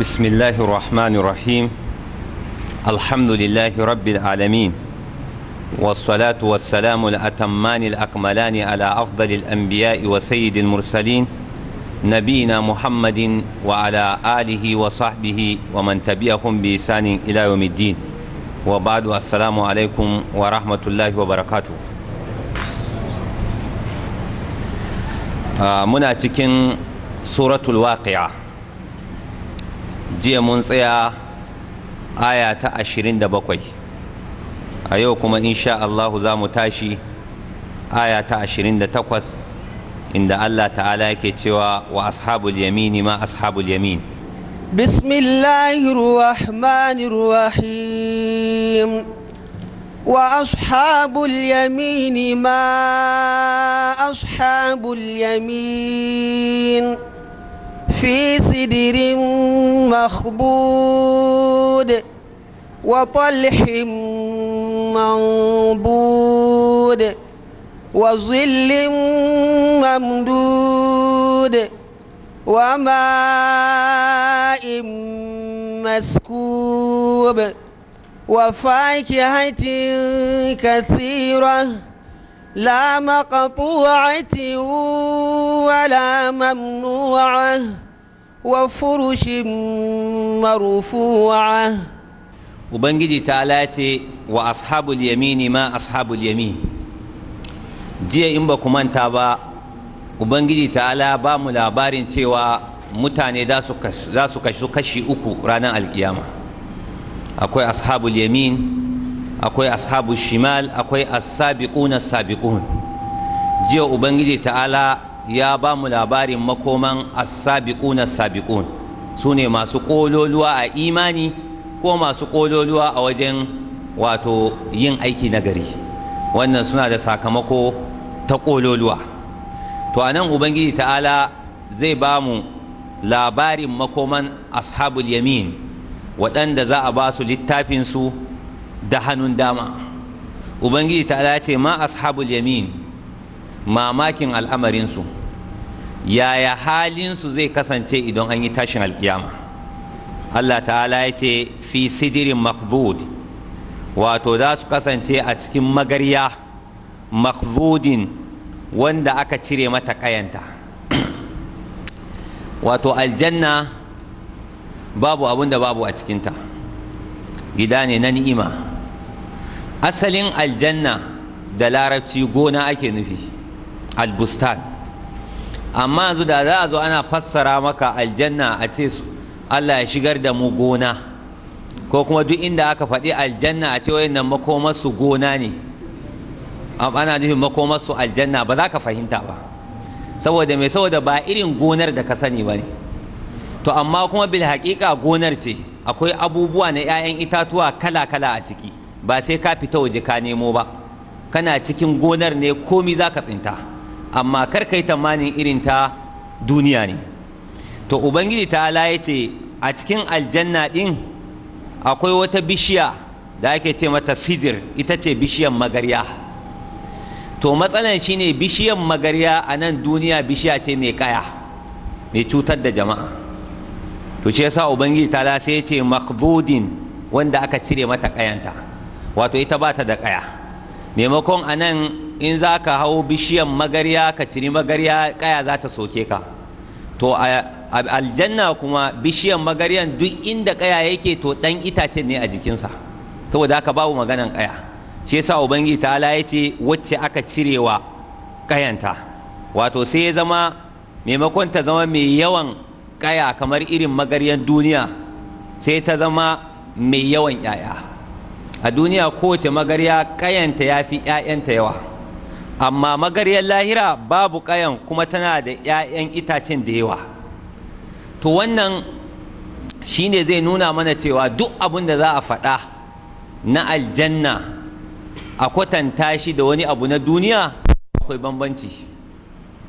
بسم الله الرحمن الرحيم الحمد لله رب العالمين والصلاة والسلام الأتمان الأكملان على أفضل الأنبياء وسيد المرسلين نبينا محمد وعلى آله وصحبه ومن تبعهم بإحسان إلى يوم الدين وبعد السلام عليكم ورحمة الله وبركاته آه منا تكن سورة الواقعة jiya mun tsaya aya ta ashirin da bakwai a yau kuma insha Allahu za mu tashi aya ta ashirin da takwas inda Allah ta'ala yake cewa wa ashabul yamini ma ashabul yamin bismillahir rahmanir rahim wa ashabul yamini ma ashabul yamin في سدر مخبود وطلح منبود وظل ممدود وماء مسكوب وفاكهة كثيرة لا مقطوعة ولا ممنوعة wafurushin marufuwa ubangiji ta ce wa ashabu yamini ma ashabul yamin jiya in ba manta ba ubangiji ta'ala ba mu labarin cewa mutane za su kashi uku ranar alkiyama akwai ashabul yamin akwai ashabul shimal akwai as sabiqun jiya ubangiji ta'ala ya ba mu labarin makoman as-sabiquna sabiqun sune masu ƙololuwa a imani ko masu ƙololuwa a wajen wato yin aiki na gari. wannan suna da sakamako ta ƙololuwa to anan ubangiji ta'ala zai ba mu labarin makoman ashabul yamin waɗanda za a ba su littafinsu da hannun dama ubangiji ta'ala ce ma ashabul yamin mamakin al'amarinsu yaya halinsu zai kasance idan an yi tashin alkiyama allah ta'ala ya ce fi sidirin makhdud wato za su kasance a cikin magarya makhdudin wanda aka cire mata kayanta wato aljanna babu abun da babu a cikinta gida ne na ni'ima asalin aljanna da larabci gona ake nufi albustan amma yanzu da za a zo ana fassara maka aljanna a ce Allah ya shigar da mu gona ko kuma duk inda aka faɗi aljanna a ce wayannan makomarsu gona ne ana nufin makomarsu aljanna ba za ka fahimta ba saboda mai saboda ba irin gonar da ka sani ba ne to amma kuma bil haƙiƙa gonar ce akwai abubuwa na 'ya'yan itatuwa kala-kala a ciki ba sai ka fita waje ka nemo ba kana cikin gonar ne komi za ka tsinta amma kar ka yi tamanin irin ta duniya ne to ubangiji ta ala ya ce a cikin aljanna ɗin akwai wata bishiya da ake ce mata sidir ita ce bishiyan magarya to matsalan ne bishiyan magarya a nan duniya bishiya ce mai kaya mai cutar da jama'a to shi yasa ubangiji ta ala sai ya ce makbudin wanda aka cire mata kayanta wato ita ba ta da kaya maimakon a nan in za ka hau bishiyan magarya ka ciri magarya kaya za ta soke ka to a aljanna kuma bishiyan magaryan duk inda kaya yake to dan itacen ne a jikinsa saboda haka babu maganan kaya shi yasa ubangiji ta ya ce wacce aka cirewa kayanta wato sai ya zama maimakon ta zama mai yawan kaya kamar irin magaryan duniya sai ta zama mai yawan 'ya'ya a duniya kowace magarya kayanta ya fi 'ya'yanta yawa amma magaryar lahira babu ƙayan kuma tana da 'ya'yan itacen da yawa to wannan shine zai nuna mana cewa duk abin da za a faɗa na aljanna a kwatanta shi da wani abu na duniya akwai bambanci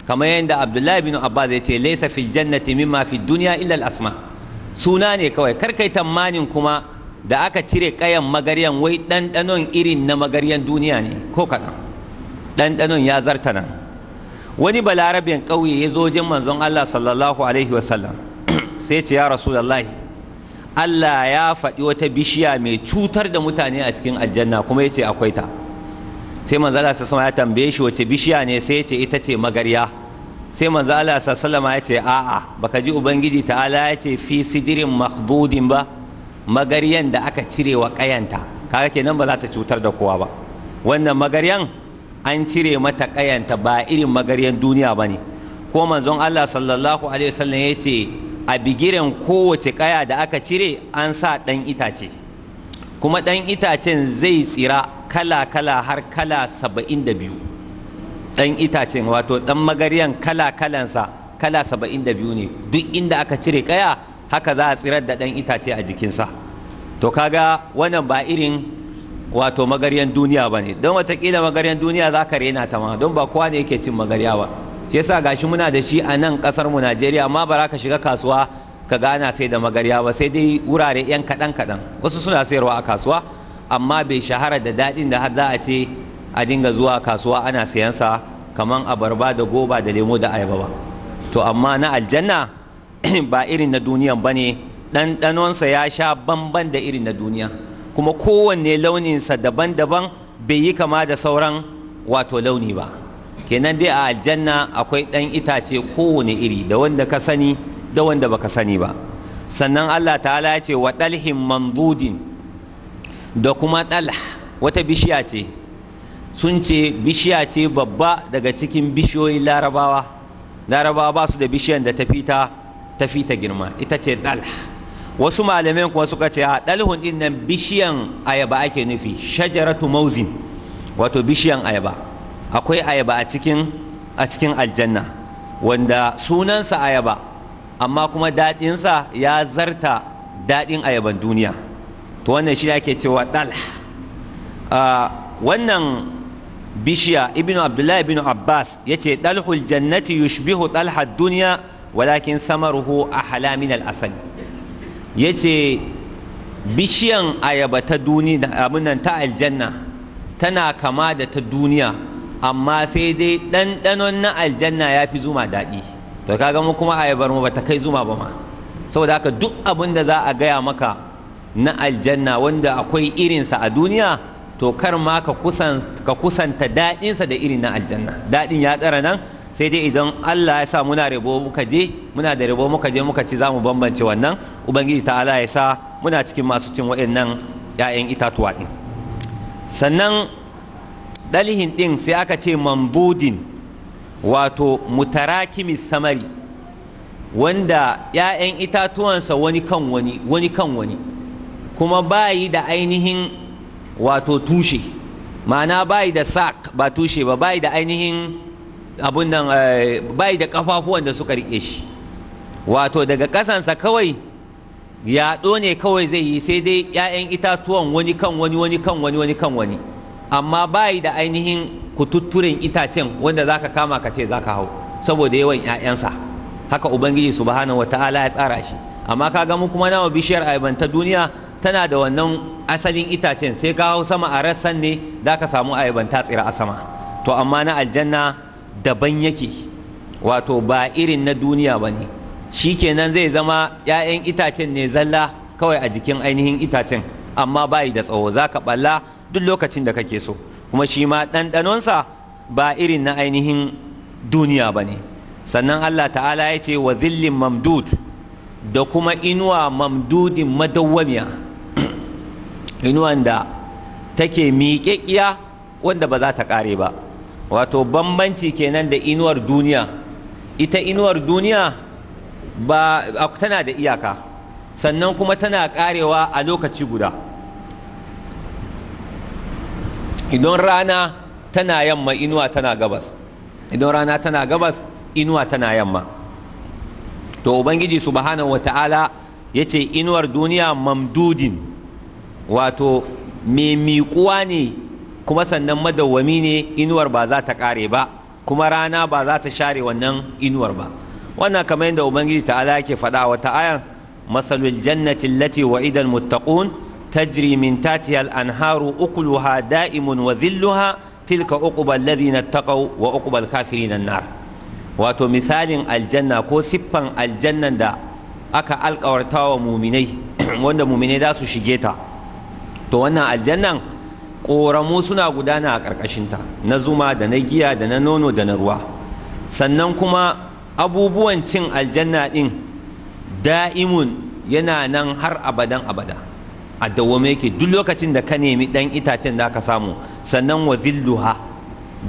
kamar yadda abdullahi bin abbas ya ce laisa fil jannati mimma fi duniya illa asma suna ne kawai karkai tamanin kuma da aka cire kayan magaryan wai ɗanɗanon irin na magaryan duniya ne ko kaɗan ɗanɗanon ya zarta nan wani balarabin ƙauye ya zo jin manzon Allah sallallahu alaihi wasallam sai ce ya rasulullahi Allah ya faɗi wata bishiya mai cutar da mutane a cikin aljanna kuma ya ce akwai ta sai manzo Allah ya tambaye shi wace bishiya ne sai ya ce ita ce magarya sai manzo Allah sallallahu ya ce a'a baka ji ubangiji ta'ala ya ce fi sidirin mahdudin ba magaryan da aka cire wa kayanta kaga kenan ba za ta cutar da kowa ba wannan magaryan an cire mata kayanta ba irin magaryan duniya ba ne ko manzon Allah sallallahu alaihi wasallam ya ce a bigiren kowace kaya da aka cire an sa ɗan itace kuma ɗan itacen zai tsira kala-kala har kala saba'in da biyu ɗan itacen wato ɗan magaryan kala-kalansa kala saba'in da biyu ne duk inda aka cire kaya haka za a tsirar da ɗan itace a jikinsa to kaga wannan ba irin wato magaryan duniya ba ne don watakila magaryan duniya za ka rena ta ma don ba kowa ne yake cin magarya ba shi yasa gashi muna da shi a nan kasar mu Najeriya amma ba ka shiga kasuwa ka gana sai da magarya ba sai dai wurare yan kaɗan kaɗan wasu suna sayarwa a kasuwa amma bai shahara da dadin da har za a ce a dinga zuwa kasuwa ana sayansa kaman abarba da goba da lemo da ayaba ba to amma na aljanna ba irin na duniyan ba ne ɗanɗanonsa ya sha bamban da irin na duniya kuma kowanne launinsa daban-daban bai yi kama da sauran wato launi ba kenan dai a aljanna akwai ɗan itace kowane iri da wanda ka sani da wanda baka sani ba sannan allah ta'ala ya ce wa ɗalhin manzudin da kuma ɗalh wata bishiya ce sun ce bishiya ce babba daga cikin bishiyoyin larabawa larabawa ba su da bishiyan da ta fita ta girma ita ce ɗalh wasu malamai kuma suka ce a dalhun din nan bishiyan ayaba ake nufi shajaratu mauzin wato bishiyan ayaba akwai ayaba a cikin a cikin aljanna wanda sunansa ayaba amma kuma daɗinsa ya zarta daɗin ayaban duniya to wannan shi ake cewa dalh wannan bishiya Ibnu abdullahi ibn abbas ya ce dalhul jannati yushbihu dalhad duniya walakin samaruhu a min al asali ya ce bishiyan ayaba ta duniya nan ta aljanna tana kama da ta duniya amma sai dai ɗanɗanon na aljanna ya fi zuma daɗi to kaga mu kuma ayabar mu ba ta kai zuma ba ma saboda haka duk abin da za a gaya maka na aljanna wanda akwai irinsa a duniya to kar ma ka kusanta daɗinsa da irin na aljanna daɗin ya tsara nan sai dai idan Allah ya sa muna rabo muka je muna da rabo muka je muka ci zamu bambance wannan ubangiji ta Allah ya sa muna cikin masu cin waɗannan 'ya'yan itatuwa din sannan dalihin ɗin sai aka ce mambudin wato mutarakimi samari wanda 'ya'yan itatuwansa wani kan wani wani kan wani kuma bayi da ainihin wato tushe ma'ana bayi da sak ba tushe ba bayi da ainihin abun nan eh, bai da kafafuwan da suka rike shi wato daga kasansa kawai yaɗo ne kawai zai yi sai dai 'ya'yan itatuwan wani kan wani wani kan wani wani kan wani amma bai da ainihin kututturen itacen wanda zaka kama ka ce zaka hau saboda yawan 'ya'yansa haka ubangiji subhanahu wataala ya tsara shi amma ka ga mu kuma nawa bishiyar ayyaban duniya tana da wannan asalin itacen sai ka hau sama a rassan ne zaka samu ayyaban ta tsira a sama to amma na aljanna daban yake wato ba irin na duniya ba ne shi kenan zai zama 'ya'yan itacen ne zalla kawai a jikin ainihin itacen amma bayi da tsawo za ka ɓalla duk lokacin da kake so kuma shi ma ɗanɗanonsa ba irin na ainihin duniya ba ne sannan allah ta'ala ya ce wa zillin mamdud da kuma inuwa mamdudin madawwamiya inuwan da take miƙeƙiya wanda ba za ta ƙare ba wato bambanci kenan da inuwar duniya ita inuwar duniya ba tana da iyaka sannan kuma tana karewa a lokaci guda idan rana tana yamma inuwa tana gabas idan rana tana gabas inuwa tana yamma to ubangiji subhanahu wata'ala ya ce inuwar duniya mamdudin wato mai miƙuwa ne kuma sannan madawwami ne inuwar ba za ta kare ba kuma rana ba za ta share wannan inuwar ba wannan kamar yadda ubangiji ta'ala yake faɗa wata ayan masalul jannati allati wa'ida muttaqun tajri min tahtiha al-anharu ukuluha da'imun wa dhilluha tilka uqba alladhina taqaw wa uqba al-kafirin an-nar wato misalin aljanna ko siffan aljannan da aka alkawarta wa muminai wanda muminai za su shige ta to wannan aljannan ƙoramu suna gudana a ƙarƙashinta na zuma da na giya da na nono da na ruwa sannan kuma abubuwan cin aljanna ɗin da'imun yana nan har abadan abada a dawwame yake duk lokacin da ka nemi ɗan itacen da ka samu sannan wa zilluha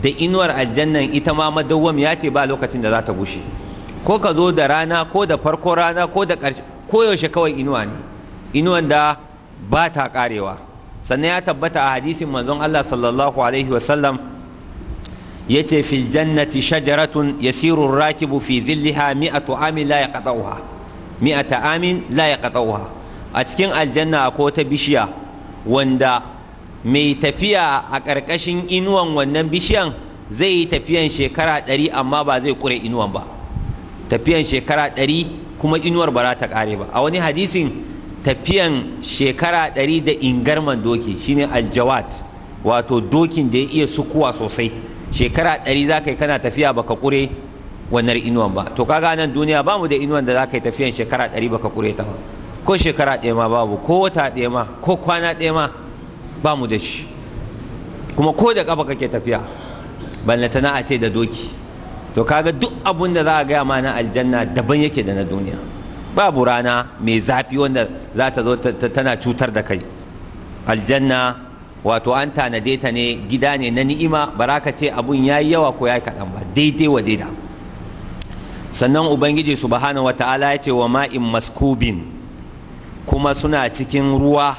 da inuwar aljannan ita ma madawwam ya ce ba lokacin da za ta gushe ko ka zo da rana ko da farko rana ko da ƙarshe yaushe kawai inuwa ne inuwan da ba ta ƙarewa sannan ya tabbata a hadisin manzon Allah sallallahu alaihi wasallam yace fil jannati shajaratun yasiru rakibu fi dhilliha mi'atu amin la yaqta'uha mi'ata amin la yaqta'uha a cikin aljanna akwai ta bishiya wanda mai tafiya a ƙarƙashin inuwan wannan bishiyan zai yi tafiyan shekara ɗari amma ba zai ƙure inuwan ba tafiyan shekara ɗari kuma inuwar ba za ta ƙare ba a wani hadisin tafiyan shekara ɗari da ingarman doki shine aljawat wato dokin da ya iya sukuwa sosai shekara ɗari za ka yi kana tafiya baka kure wannan inuwan ba to kaga nan duniya ba mu da inuwan da za ka yi tafiyan shekara ɗari baka kure ta ba ko shekara ɗaya ma babu ko wata ɗaya ma ko kwana ɗaya ma ba mu da shi kuma ko da ƙafa kake tafiya na a ce da doki to kaga duk abun da za a gaya ma na aljanna daban yake da na duniya babu rana mai zafi wanda za ta zo tana cutar da kai aljanna wato an tanade ta ne gida ne na ni'ima baraka ce abun ya yi yawa ko ya yi kaɗan ba daidai wa daida sannan ubangiji subhanahu wata'ala ya ce wa ma'in maskubin kuma suna cikin ruwa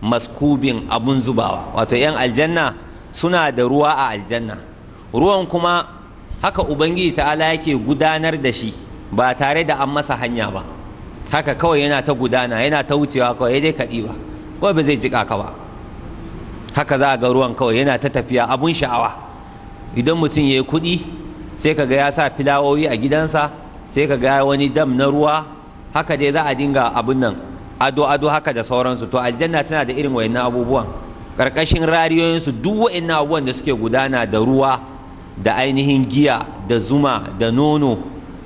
maskubin abun zubawa wato 'yan aljanna suna da ruwa a aljanna ruwan kuma haka ubangiji ta'ala yake gudanar da shi ba tare da an masa hanya ba haka kawai yana ta gudana yana ta wucewa kawai ya eh, dai kaɗi ba kawai ba zai jiƙa ka ba haka za a ga ruwan kawai yana ta tafiya abun sha'awa idan mutum ya yi kuɗi sai ka ga ya sa filawoyi a gidansa sai ka ga wani dam na ruwa haka dai za a dinga abun nan ado ado haka da sauransu to aljanna tana da irin wayannan abubuwan karkashin rariyoyinsu duk wayannan abubuwan da suke gudana da ruwa da ainihin giya da zuma da nono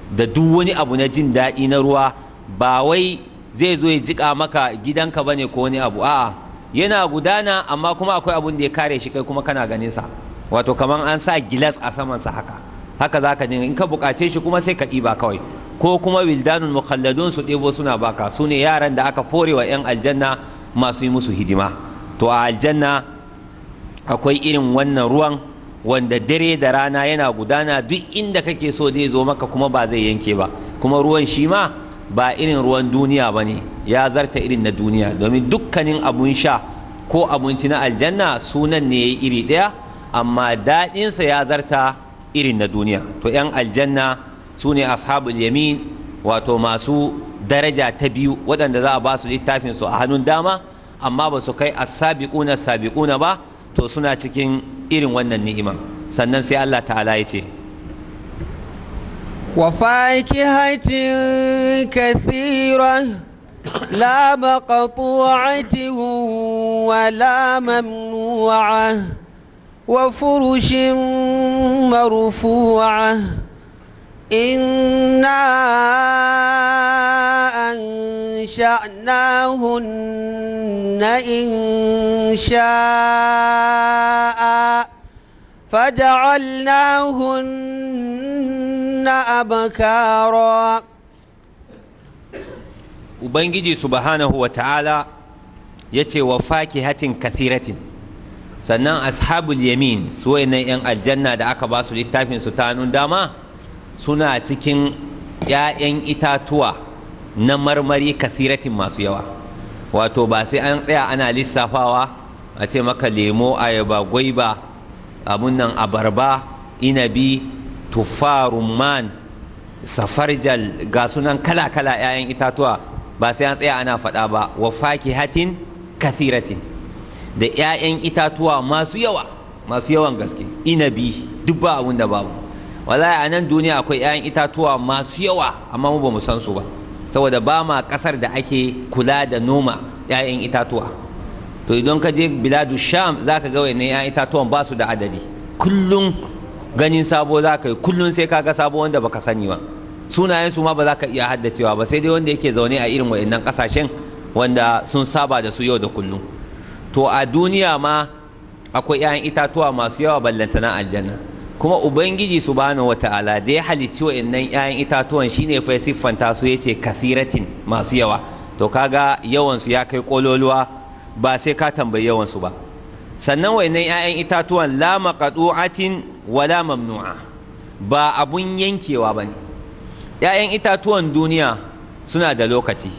da duk wani abu na jin daɗi na ruwa ba wai zai zo ya jika maka gidanka bane ko wani abu a'a yana gudana amma kuma akwai abun da ya kare shi kai kuma kana ganin sa wato kaman an sa gilas a saman sa haka haka zaka dinga in ka bukace shi kuma sai ka ɗiba kawai ko kuma wildanun mukhalladun su ɗebo suna baka su ne yaran da aka fore wa 'yan aljanna masu yi musu hidima to a aljanna akwai irin wannan ruwan wanda dare da rana yana gudana duk inda kake so zai zo maka kuma ba zai yanke ba kuma ruwan shi ma ba irin ruwan duniya ba ne ya zarta irin na duniya domin dukkanin abun sha ko abinci na aljanna sunan ne ya yi iri ɗaya amma daɗinsa ya zarta irin na duniya to 'yan aljanna su ne ashabul yamin wato masu daraja ta biyu waɗanda za a ba su littafin su a hannun dama amma ba su kai asabiquna sabiquna ba to suna cikin irin wannan ni'ima sannan sai Allah ta'ala ya ce وفاكهة كثيرة لا مقطوعة ولا ممنوعة وفرش مرفوعة إنا أنشأناهن إن شاء فجعلناهن أبكارا Ubangiji subhanahu wa ta'ala ya ce wa fakihatin kathiratin sannan ashabul yamin su na 'yan aljanna da aka ba su littafin su ta hannun dama suna cikin 'ya'yan itatuwa na marmari kathiratin masu yawa wato ba sai an tsaya ana lissafawa a ce maka lemo ayaba gwaiba abun nan abarba inabi tufa rumman safarjal ga sunan kala-kala 'ya'yan itatuwa ba sai an tsaya ana faɗa ba wa hatin kathiratin da 'ya'yan itatuwa masu yawa masu yawan gaske inabi duk ba abun da babu wallahi a nan duniya akwai 'ya'yan itatuwa masu yawa amma mu ba mu san su ba saboda ba ma kasar da ake kula da noma 'ya'yan itatuwa to idan ka je biladu sham za ka ga wani ya itatuwan ba su da adadi kullum ganin sabo za ka yi kullum sai ka ga sabo wanda baka sani ba sunayen su ma ba za ka iya haddacewa ba sai dai wanda yake zaune a irin wa'annan kasashen wanda sun saba da su yau da kullum to a duniya ma akwai 'ya'yan itatuwa masu yawa ballantana aljanna kuma ubangiji subhanahu wata'ala da ya halicci wa'annan 'ya'yan itatuwan shine fa siffanta su yace kathiratin masu yawa to kaga yawan su ya kai kololuwa ba sai ka tambayi yawansu ba sannan wainan 'ya'yan itatuwan la maqdu'atin wala mamnu'a ba abun yankewa ba ne 'ya'yan itatuwan duniya suna da lokaci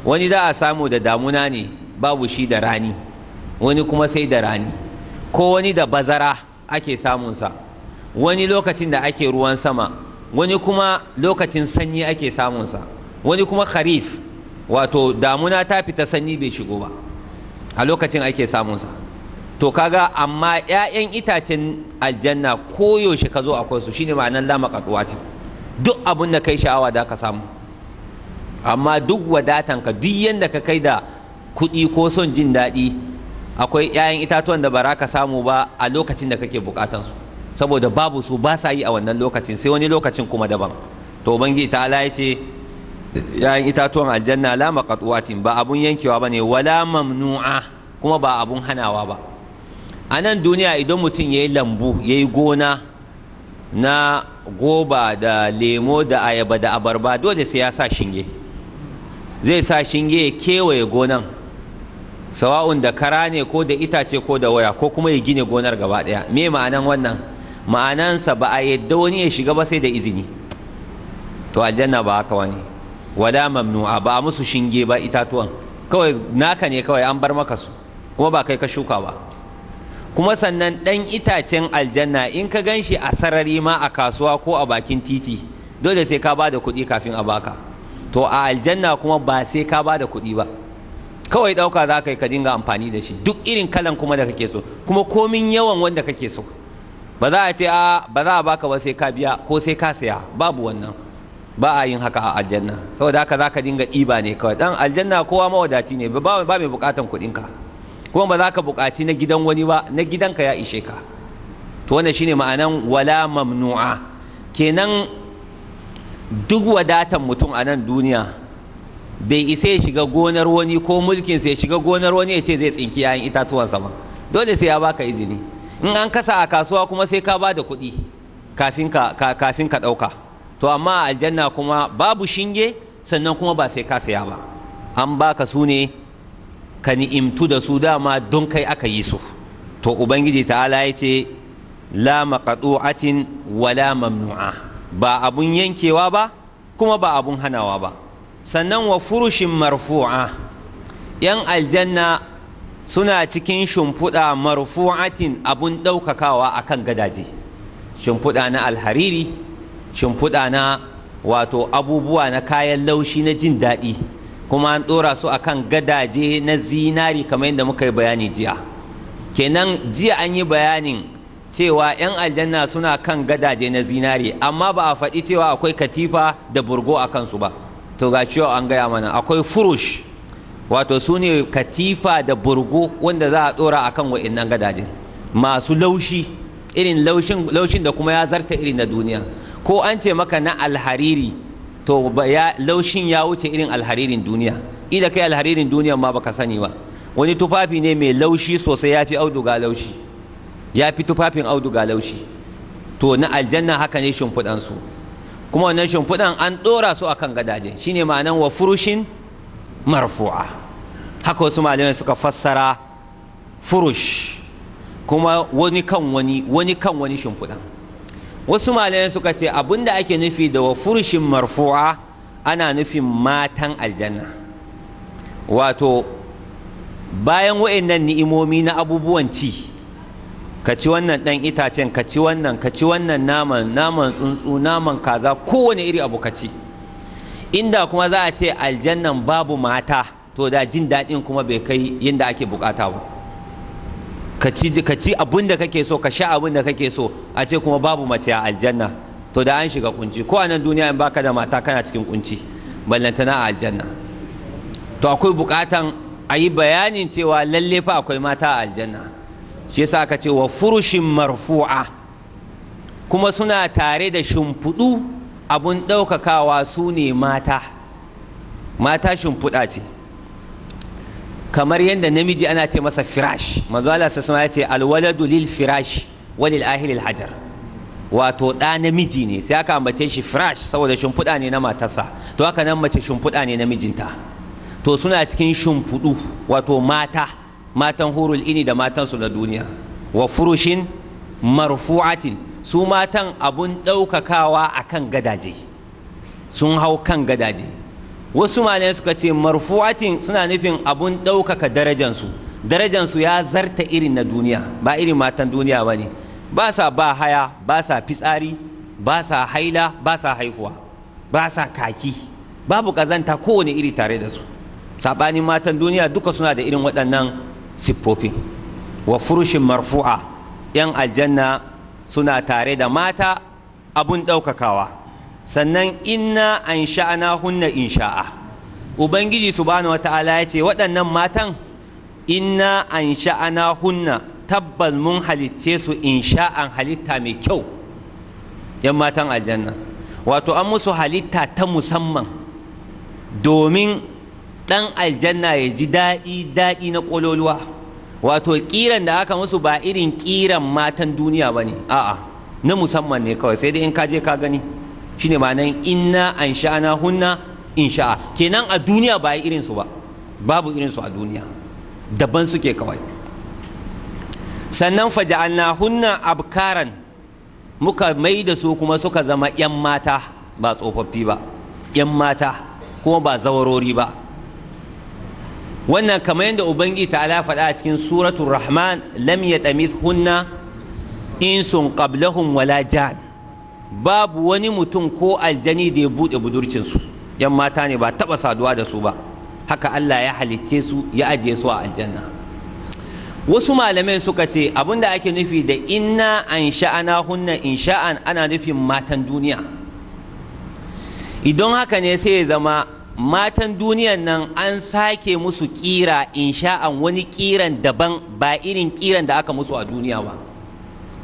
wani za a samu da damuna ne babu shi da rani wani kuma sai da rani ko wani da bazara ake samunsa wani lokacin da ake ruwan sama wani kuma lokacin sanyi ake samunsa wani kuma kharif wato damuna ta fita sanyi bai shigo ba a lokacin ake samunsa to kaga amma 'ya'yan itacen aljanna koyaushe ka zo akwai su shine ma'anar lama ce duk abin da kai sha'awa da ka samu amma duk wadatan ka duk yadda ka kai da kuɗi ko son jin daɗi akwai 'ya'yan itatuwan da ba ka samu ba a lokacin da kake su saboda babu su ba sa yi a wannan lokacin sai wani lokacin kuma daban to ubangiji ta ya ce Ya'yan itatuwan aljanna la maqatuwatin ba abun yankewa bane wala mamnu'a kuma ba abun hanawa ba anan duniya idan mutum yayi lambu yayi gona na goba da lemo da ayaba da abarba dole sai ya sa shinge zai sa shinge ya kewaye gonan sawa'un da kara ne ko da itace ko da waya ko kuma ya gine gonar gaba daya me ma'anan wannan ma'anansa ba a yadda wani ya shiga ba sai da izini to aljanna ba haka wani wala mamnu'a ba a musu shinge ba itatuwan kawai naka ne kawai an bar maka su kuma ba kai ka shuka ba kuma sannan ɗan itacen aljanna in ka gan shi a sarari ma a kasuwa ko a bakin titi dole sai ka bada kuɗi kafin a baka to a aljanna kuma ba sai ka ba da kuɗi ba kawai ɗauka za ka yi ka dinga amfani da shi duk irin kalan kuma da kake so kuma komin yawan wanda kake so ba za a ce a ba za a baka ba sai ka biya ko sai ka saya babu wannan ba a yin haka a aljanna saboda haka zaka dinga ɗiba ne kawai dan aljanna kowa mawadaci ne ba ba mai bukatan kuɗin ka kuma ba za ka bukaci na gidan wani ba na gidanka ya ishe ka to wannan shine ma'anan wala mamnu'a kenan duk wadatan mutum a nan duniya bai isa ya shiga gonar wani ko mulkin sai ya shiga gonar wani ya ce zai tsinki yayin itatuwansa ba dole sai ya baka izini in an kasa a kasuwa kuma sai ka ba da kuɗi kafin ka ɗauka to amma aljanna kuma babu shinge sannan kuma ba sai ka saya ba an baka su ne ka ni'imtu da su dama don kai aka yi su to ubangiji ta'ala ya ce la maqtu'atin wala mamnu'a ba abun yankewa ba kuma ba abun hanawa ba sannan wa furushin marfu'a yan aljanna suna cikin shimfiɗa marfu'atin abun ɗaukakawa kan gadaje shimfiɗa na alhariri shimfiɗa na wato abubuwa na kayan laushi na jin daɗi kuma an ɗora su akan gadaje na zinari kamar yadda muka yi bayani jiya kenan jiya an yi bayanin cewa 'yan aljanna suna kan gadaje na zinari amma ba a faɗi cewa akwai katifa da burgo a kansu ba to ga cewa an gaya mana akwai furush wato su ne katifa da burgo wanda za a ɗora a kan wa'innan gadajen masu laushi irin laushin da kuma ya zarta irin na duniya ko an ce maka na alhariri to laushin ya wuce irin alharirin duniya ila kai alharirin duniya ma baka sani ba wani tufafi ne mai laushi sosai ya fi auduga laushi ya fi tufafin auduga laushi to na aljanna haka ne shimfiɗansu kuma wannan shimfiɗan an ɗora su akan gadaje shine ma'anan wa furushin marfu'a haka wasu malamai suka fassara furush kuma wani kan wani wani kan wani shimfiɗan wasu malamai suka ce abinda ake nufi da wa furshin marfu'a ana nufin matan aljanna wato bayan wa'annan ni'imomi na abubuwan ci ka ci wannan ɗan itacen ka ci wannan ka ci wannan naman naman tsuntsu naman kaza kowane iri abu ka ci inda kuma za a ce aljannan babu mata to da jin daɗin kuma bai kai yadda ake bukata ba ka ci abin da kake so ka sha abin da kake so a ce kuma babu mace a aljanna to da an shiga kunci ko a nan duniya in baka da mata kana cikin kunci ballantana a aljanna to akwai bukatan a yi bayanin cewa lalle fa akwai mata a aljanna shi yasa aka ce wa furushin marfu'a kuma suna tare da shimfiɗu abun ɗaukakawa su ne mata mata shimfiɗa ce kamar yadda namiji ana ce masa firash manzo Allah sassama ya ce alwaladu lil firash walil ahilil hajar wato ɗa namiji ne sai aka ambace shi firash saboda shimfiɗa ne na matarsa to haka nan mace shimfiɗa ne na mijinta to suna cikin shimfiɗu wato mata matan hurul ini da matansu na duniya wa furushin marfu'atin su matan abun ɗaukakawa kan gadaje sun hau kan gadaje wasu malayan suka ce marfu'atin suna nufin abun ɗaukaka darajansu darajansu ya zarta irin na duniya ba irin matan duniya ba ne ba sa ba haya ba sa fitsari ba sa haila ba sa haifuwa ba sa kaki babu kazanta kowane iri tare da su saɓanin matan duniya duka suna da irin waɗannan siffofin wa furushin marfu'a 'yan aljanna suna tare da mata abun ɗaukakawa sannan inna an sha'ana hunna in sha'a ubangiji subhanahu wata'ala ya ce waɗannan matan inna an sha'ana hunna tabbas mun halitte su in sha'an halitta mai kyau yan matan aljanna wato an musu halitta ta musamman domin ɗan aljanna ya ji daɗi daɗi na ƙololuwa wato ƙiran da aka musu ba irin ƙiran matan duniya ba ne a'a na musamman ne kawai sai dai in ka je ka gani shine ma'anan inna an ansha'ana hunna in sha'a. kenan a duniya ba irin su ba babu irin su a duniya daban suke kawai sannan faja'alna hunna abkaran muka mai da su kuma suka zama 'yan mata ba tsofaffi ba 'yan mata kuma ba zawarori ba wannan kamar yadda ubangi ta ala faɗa a cikin suratul rahman lam ya hunna insun qablahum wala jan babu wani mutum ko aljani da ya buɗe budurcinsu yan mata ne ba taba saduwa da su ba haka Allah ya halicce su ya ajiye su a aljanna wasu malamai suka ce abinda ake nufi da inna an sha'ana hunna in sha'an ana nufin matan duniya idan haka ne sai ya zama matan duniyan nan an sake musu kira in sha'an wani kiran daban ba irin kiran da aka musu a duniya ba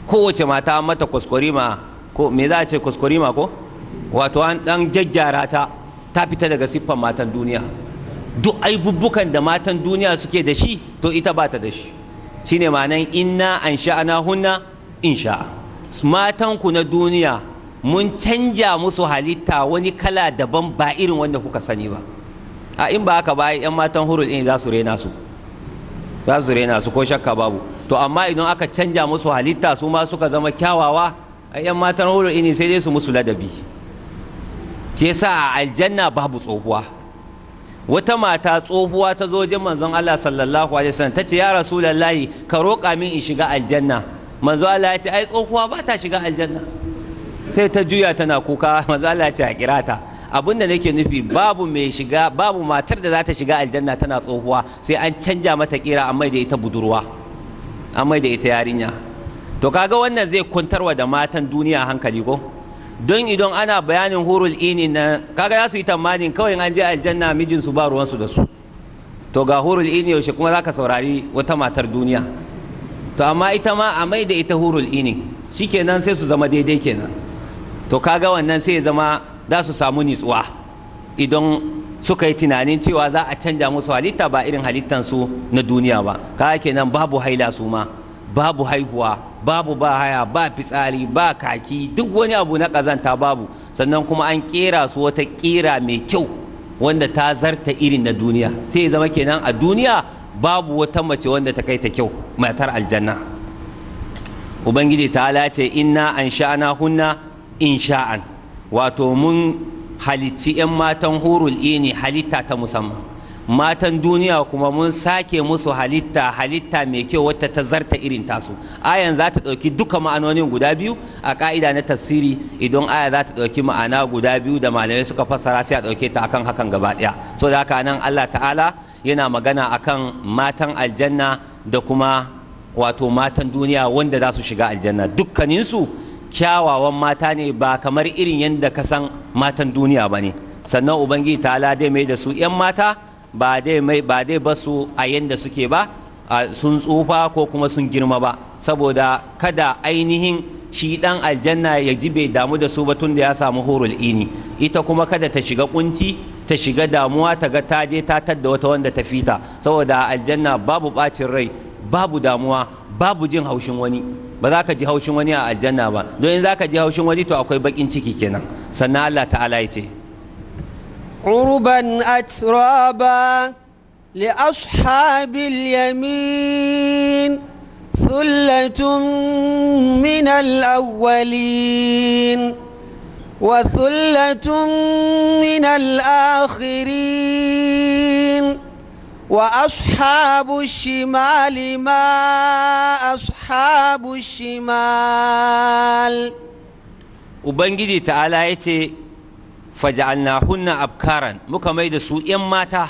kowace mata mata kwaskwari ma ko me za a ce kuskurima ko wato an dan gyaggyara ta ta fita daga siffan matan duniya duk ai bubbukan da matan duniya suke da shi to ita ba ta da shi shine ma'anan inna an sha'ana hunna insha matan ku na duniya mun canja musu halitta wani kala daban ba irin wanda kuka sani ba a in ba haka ba yan matan hurul ɗin za su rena su za su rena su ko shakka babu to amma idan aka canja musu halitta su ma suka zama kyawawa A yan matan wuri ini sai dai su musu ladabi ke sa a aljanna babu tsohuwa wata mata tsohuwa ta zo wajen manzon Allah sallallahu alaihi wasallam ta ce ya rasulullahi ka roƙa min in shiga aljanna manzo Allah ya ce ai tsohuwa ba ta shiga aljanna sai ta juya tana kuka manzo Allah ya ce a kira ta abin da nake nufi babu mai shiga babu matar da za ta shiga aljanna tana tsohuwa sai an canja mata kira amma da ita budurwa amma da ita yarinya to kaga wannan zai kuntarwa da matan duniya hankali ko don idan ana bayanin hurul ini na kaga za su yi tamanin kawai an je aljanna mijinsu ba ruwansu da su to ga hurul ini yaushe kuma za ka saurari wata matar duniya to amma ita ma a mai da ita hurul ini shikenan sai su zama daidai kenan to kaga wannan sai ya zama za su samu nitsuwa idan suka yi tunanin cewa za a canja musu halitta ba irin halittansu na duniya ba kaga kenan babu haila su ma babu haihuwa babu ba haya ba fitsari ba kaki duk wani abu na ƙazanta babu sannan kuma an ƙera su wata ƙira mai kyau wanda ta zarta irin na duniya sai zama kenan a duniya babu wata mace wanda ta kai ta kyau matar aljanna ubangiji ta ce inna an sha'ana hunna in sha'an wato mun halicci 'yan matan hurul ini halitta ta musamman matan duniya kuma mun sake musu halitta halitta mai kyau wata ta zarta irin tasu ayan za ta ɗauki duka ma'anonin guda biyu a ka'ida na tafsiri idan aya za ta ɗauki ma'ana guda biyu da malamai suka fassara sai a ɗauke ta akan hakan gaba ɗaya so da haka nan Allah ta'ala yana magana akan matan aljanna da kuma wato matan duniya wanda za su shiga aljanna dukkaninsu kyawawan mata ne ba kamar irin yadda ka san matan duniya ba ne sannan ubangiji ta'ala dai mai da su 'yan mata ba dai ba su basu a yadda suke ba sun tsufa ko kuma sun girma ba saboda kada ainihin shi dan aljanna ya ji bai damu da su ba tun da ya samu horul ini ita kuma kada ta shiga kunci ta shiga damuwa ta ga ta je ta tadda wata wanda ta fita saboda aljanna babu bacin rai babu damuwa babu jin haushin wani ba za ka ji haushin wani a aljanna ba don in za ka ji haushin wani to akwai bakin ciki kenan sannan Allah ta'ala ya ce عربا أترابا لأصحاب اليمين ثلة من الأولين وثلة من الآخرين وأصحاب الشمال ما أصحاب الشمال وبنجدي تعالى إتي hunna abkaran muka mai da su yan mata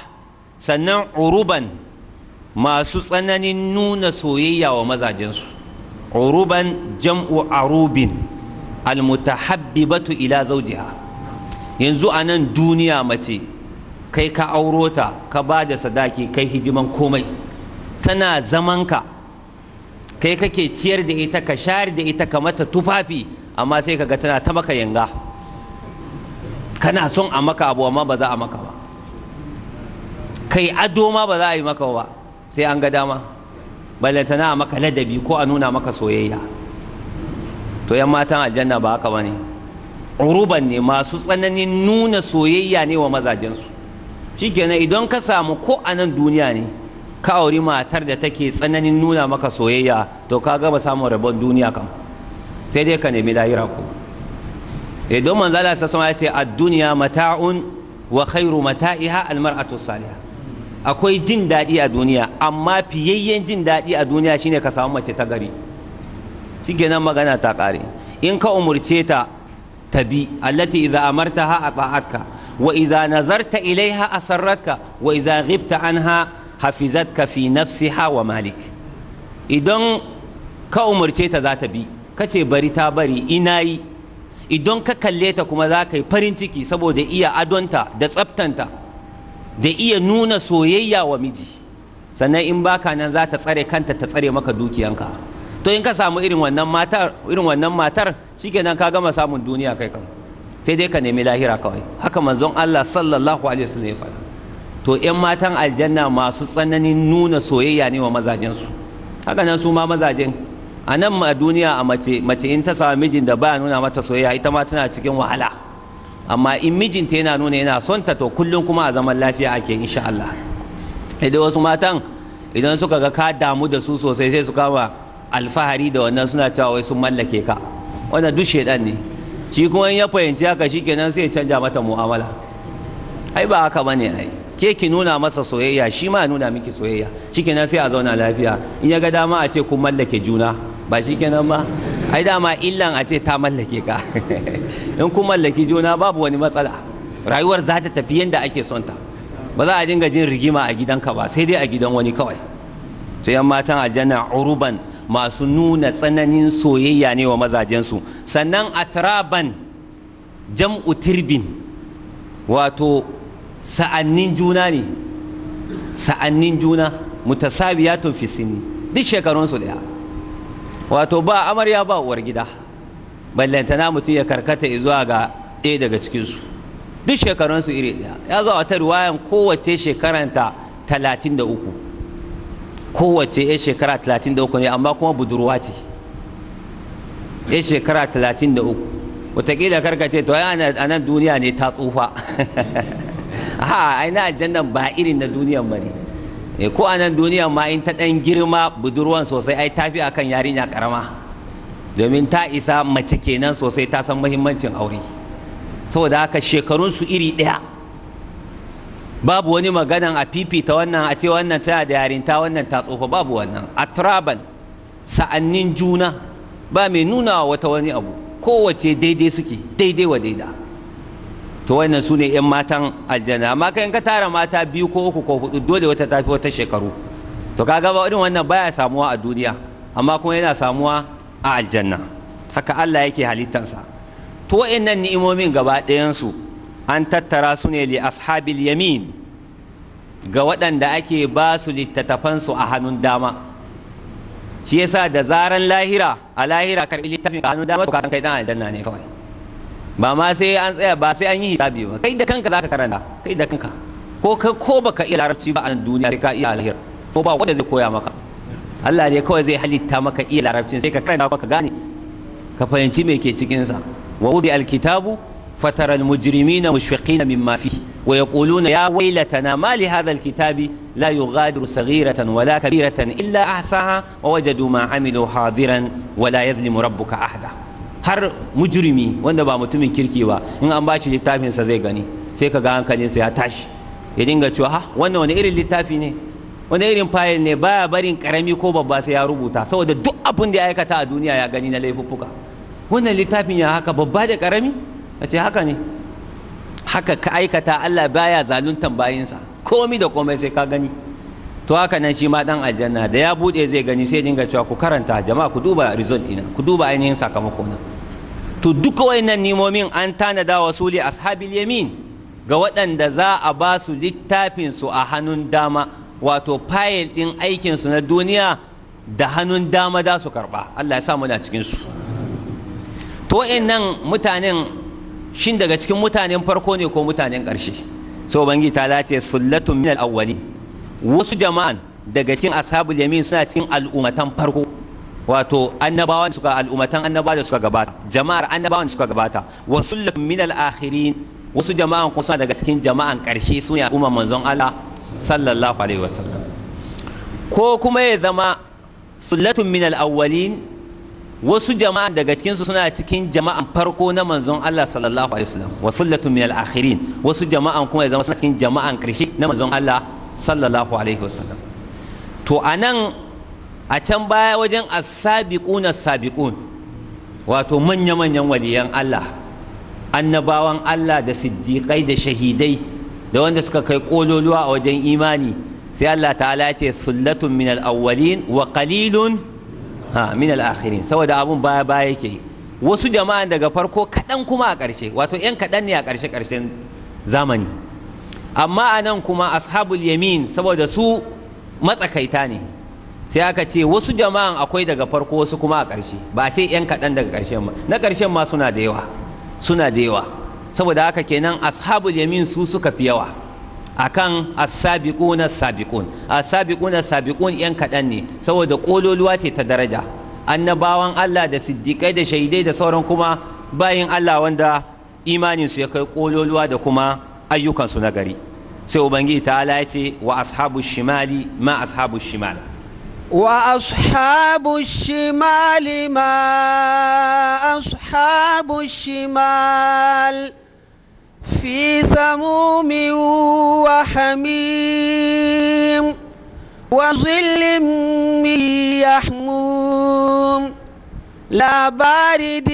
sannan uruban masu tsananin nuna soyayya wa mazajensu uruban jam'u arubin almutahabbibatu ila zawjiha yanzu a nan duniya mace kai ka auro ta ka ba da sadaki kai hidiman komai tana zamanka kai kake ciyar da ita ka shayar da ita ka mata tufafi amma sai kaga tana ta maka yanga kana son a maka abu amma ba za a maka ba kai ado ma ba za a yi maka ba sai an ga dama balantana a maka ladabi ko a nuna maka soyayya to yan matan aljanna ba haka bane uruban ne masu tsananin nuna soyayya ne wa mazajensu shikenan idan ka samu ko a nan duniya ne ka auri matar da take tsananin nuna maka soyayya to ka gaba samun rabon duniya kam sai dai ka nemi lahira ko eh don manzo Allah sa ya ce ad-dunya mata'un wa khairu mata'iha al-mar'atu salihah akwai jin daɗi a duniya amma fiyayyen jin daɗi a duniya shine ka samu mace ta gari shikenan magana ta kare in ka umurce ta tabi allati idza amartaha ata'atka wa idza nazarta ilaiha asarratka wa idza ghibta anha hafizatka fi nafsiha wa malik idan ka umurce ta za ta bi kace bari ta bari ina yi idan ka kalle ta kuma za ka yi farin ciki saboda iya adonta da tsaftanta da iya nuna soyayya wa miji sannan in baka nan za ta tsare kanta ta tsare maka dukiyanka to in ka samu irin wannan matar irin wannan matar ka gama samun duniya kai kan sai dai ka nemi lahira kawai haka manzon Allah sallallahu alaihi wasallam ya faɗa to ƴan matan aljanna masu tsananin nuna soyayya ne wa mazajensu haka nan su ma mazajen a nan ma duniya a mace mace in ta samu mijin da baya nuna mata soyayya ita ma tana cikin wahala amma in mijinta yana nuna yana son ta to kullum kuma a zaman lafiya ake insha Allah idan wasu matan idan suka ga ka damu da su sosai sai su kama alfahari da wannan suna cewa wai sun mallake ka wannan duk shedan ne shi kuma in ya fahimci haka shikenan sai ya canja mata mu'amala ai ba haka bane ai ke ki nuna masa soyayya shi ma nuna miki soyayya shikenan sai a zauna lafiya in ya ga dama a ce kun mallake juna ba shi kenan ba ai dama illan a ce ta mallake ka in kun mallaki juna babu wani matsala rayuwar za ta tafi yadda ake son ta ba za a dinga jin rigima a gidanka ba sai dai a gidan wani kawai to yan matan aljanna uruban masu nuna tsananin soyayya ne wa mazajensu sannan atraban jam'u tirbin wato sa'annin juna ne sa'annin juna mutasabiyatun fi sinni duk shekarunsu yawa wato ba amarya ba uwar gida ballantana mutum ya karkata zuwa ga ɗaya daga cikinsu duk shekarunsu iri ɗaya ya zo a ta ruwayan kowace shekaranta talatin da uku kowace ya shekara talatin da uku ne amma kuma budurwa ce ya shekara talatin da uku wataƙila karkace to ya a nan duniya ne ta tsufa a ina aljannan ba irin na duniyan ba ne Eh, ko anan duniya ma in ta ɗan girma budurwan sosai ai tafi akan yarinya karama domin ta isa mace kenan sosai ta san mahimmancin aure saboda haka shekarunsu iri ɗaya babu wani maganan a fifita wannan a ce wannan tana da yarinta wannan ta tsofa babu wannan a traban sa'annin juna ba mai nuna wata wani abu kowace daidai suke daidai wa daidai. to wannan su ne 'yan matan aljanna amma kai in ka tara mata biyu ko uku ko hudu dole wata tafi wata shekaru to kaga ba irin wannan baya samuwa a duniya amma kuma yana samuwa a aljanna haka Allah yake halittansa to wayannan ni'imomin gaba ɗayansu an tattara su ne li ashabil yamin ga waɗanda ake ba su littattafansu a hannun dama shi yasa da zaran lahira a lahira karɓi littafin a hannun dama to ka san kai dan aljanna ne kawai ba ma sai an tsaya ba sai an yi hisabi ba kai da kanka zaka karanta kai da kanka ko ka ko baka iya larabci ba a duniya sai ka iya alheri ko ba wanda zai koya maka Allah ne kawai zai halitta maka iya larabcin sai ka karanta ka gane ka fahimci me ke cikin sa wa wudi alkitabu fataral mujrimina mushfiqin mimma fi wa yaquluna ya waylatana ma li hadha alkitabi la yughadiru saghiratan wala kabiratan illa ahsaha wa wajadu ma amilu hadiran wa la yadhlimu rabbuka ahada har mujrimi wanda ba mutumin kirki ba in an bashi shi littafinsa zai gani sai ka ga hankalinsa ya tashi ya dinga cewa ha wannan wani irin littafi ne wani irin fayil ne baya barin karami ko babba sai ya rubuta saboda duk abin da ya aikata a duniya ya gani na laifuffuka wannan littafin ya haka babba da karami a ce haka ne haka ka aikata Allah baya zaluntan bayinsa komai da komai sai ka gani to haka nan shi ma dan aljanna da ya bude zai gani sai dinga cewa ku karanta jama'a ku duba result ina ku duba ainihin sakamako na to duka wayannan nimomin an tanada wa li ashabil yamin ga waɗanda za a ba su littafin su a hannun dama wato fayil ɗin aikin su na duniya da hannun dama za su karɓa Allah ya sa muna cikin su to wayannan mutanen shin daga cikin mutanen farko ne ko mutanen ƙarshe so bangi ta lace sullatun min al wasu jama'an daga cikin ashabul yamin suna cikin al'ummatan farko wato annabawan suka al'umatan annabawa suka gabata jama'ar annabawan suka gabata wa sullatun minal akhirin wasu jama'an kusa daga cikin jama'an karshe su ne al'umman manzon Allah sallallahu alaihi wasallam ko kuma ya zama sullatun minal awwalin wasu jama'an daga cikin su suna cikin jama'an farko na manzon Allah sallallahu alaihi wasallam wa sullatun min akhirin wasu jama'an kuma ya zama suna cikin jama'an karshe na manzon Allah sallallahu alaihi wasallam to anan a can baya wajen as-sabiquna as-sabiqun wato manya-manyan waliyan Allah annabawan Allah da siddiƙai da shahidai da wanda suka kai ƙololuwa a wajen imani sai Allah ta'ala ce sullatun min al-awwalin wa qalilun ha min al-akhirin saboda abun baya baya yake wasu jama'an daga farko kaɗan kuma a ƙarshe wato 'yan kaɗan ne a ƙarshe ƙarshen zamani amma a nan kuma ashabul yamin saboda su matsakaita ne sai aka ce wasu jama'an akwai daga farko wasu kuma a ƙarshe ba ce 'yan kaɗan daga ƙarshen ba na ƙarshen ma suna da yawa suna da yawa saboda haka kenan ashabul yamin su suka fi yawa akan as-sabiqun as-sabiqun as 'yan kaɗan ne saboda ƙololuwa ce ta daraja annabawan Allah da siddiƙai da shaidai da sauran kuma bayin Allah wanda imaninsu ya kai ƙololuwa da kuma ayyukansu na gari sai ubangiji ta ya ce wa ashabu shimali ma ashabu shimali وأصحاب الشمال ما أصحاب الشمال في سموم وحميم وظل من يحموم لا بارد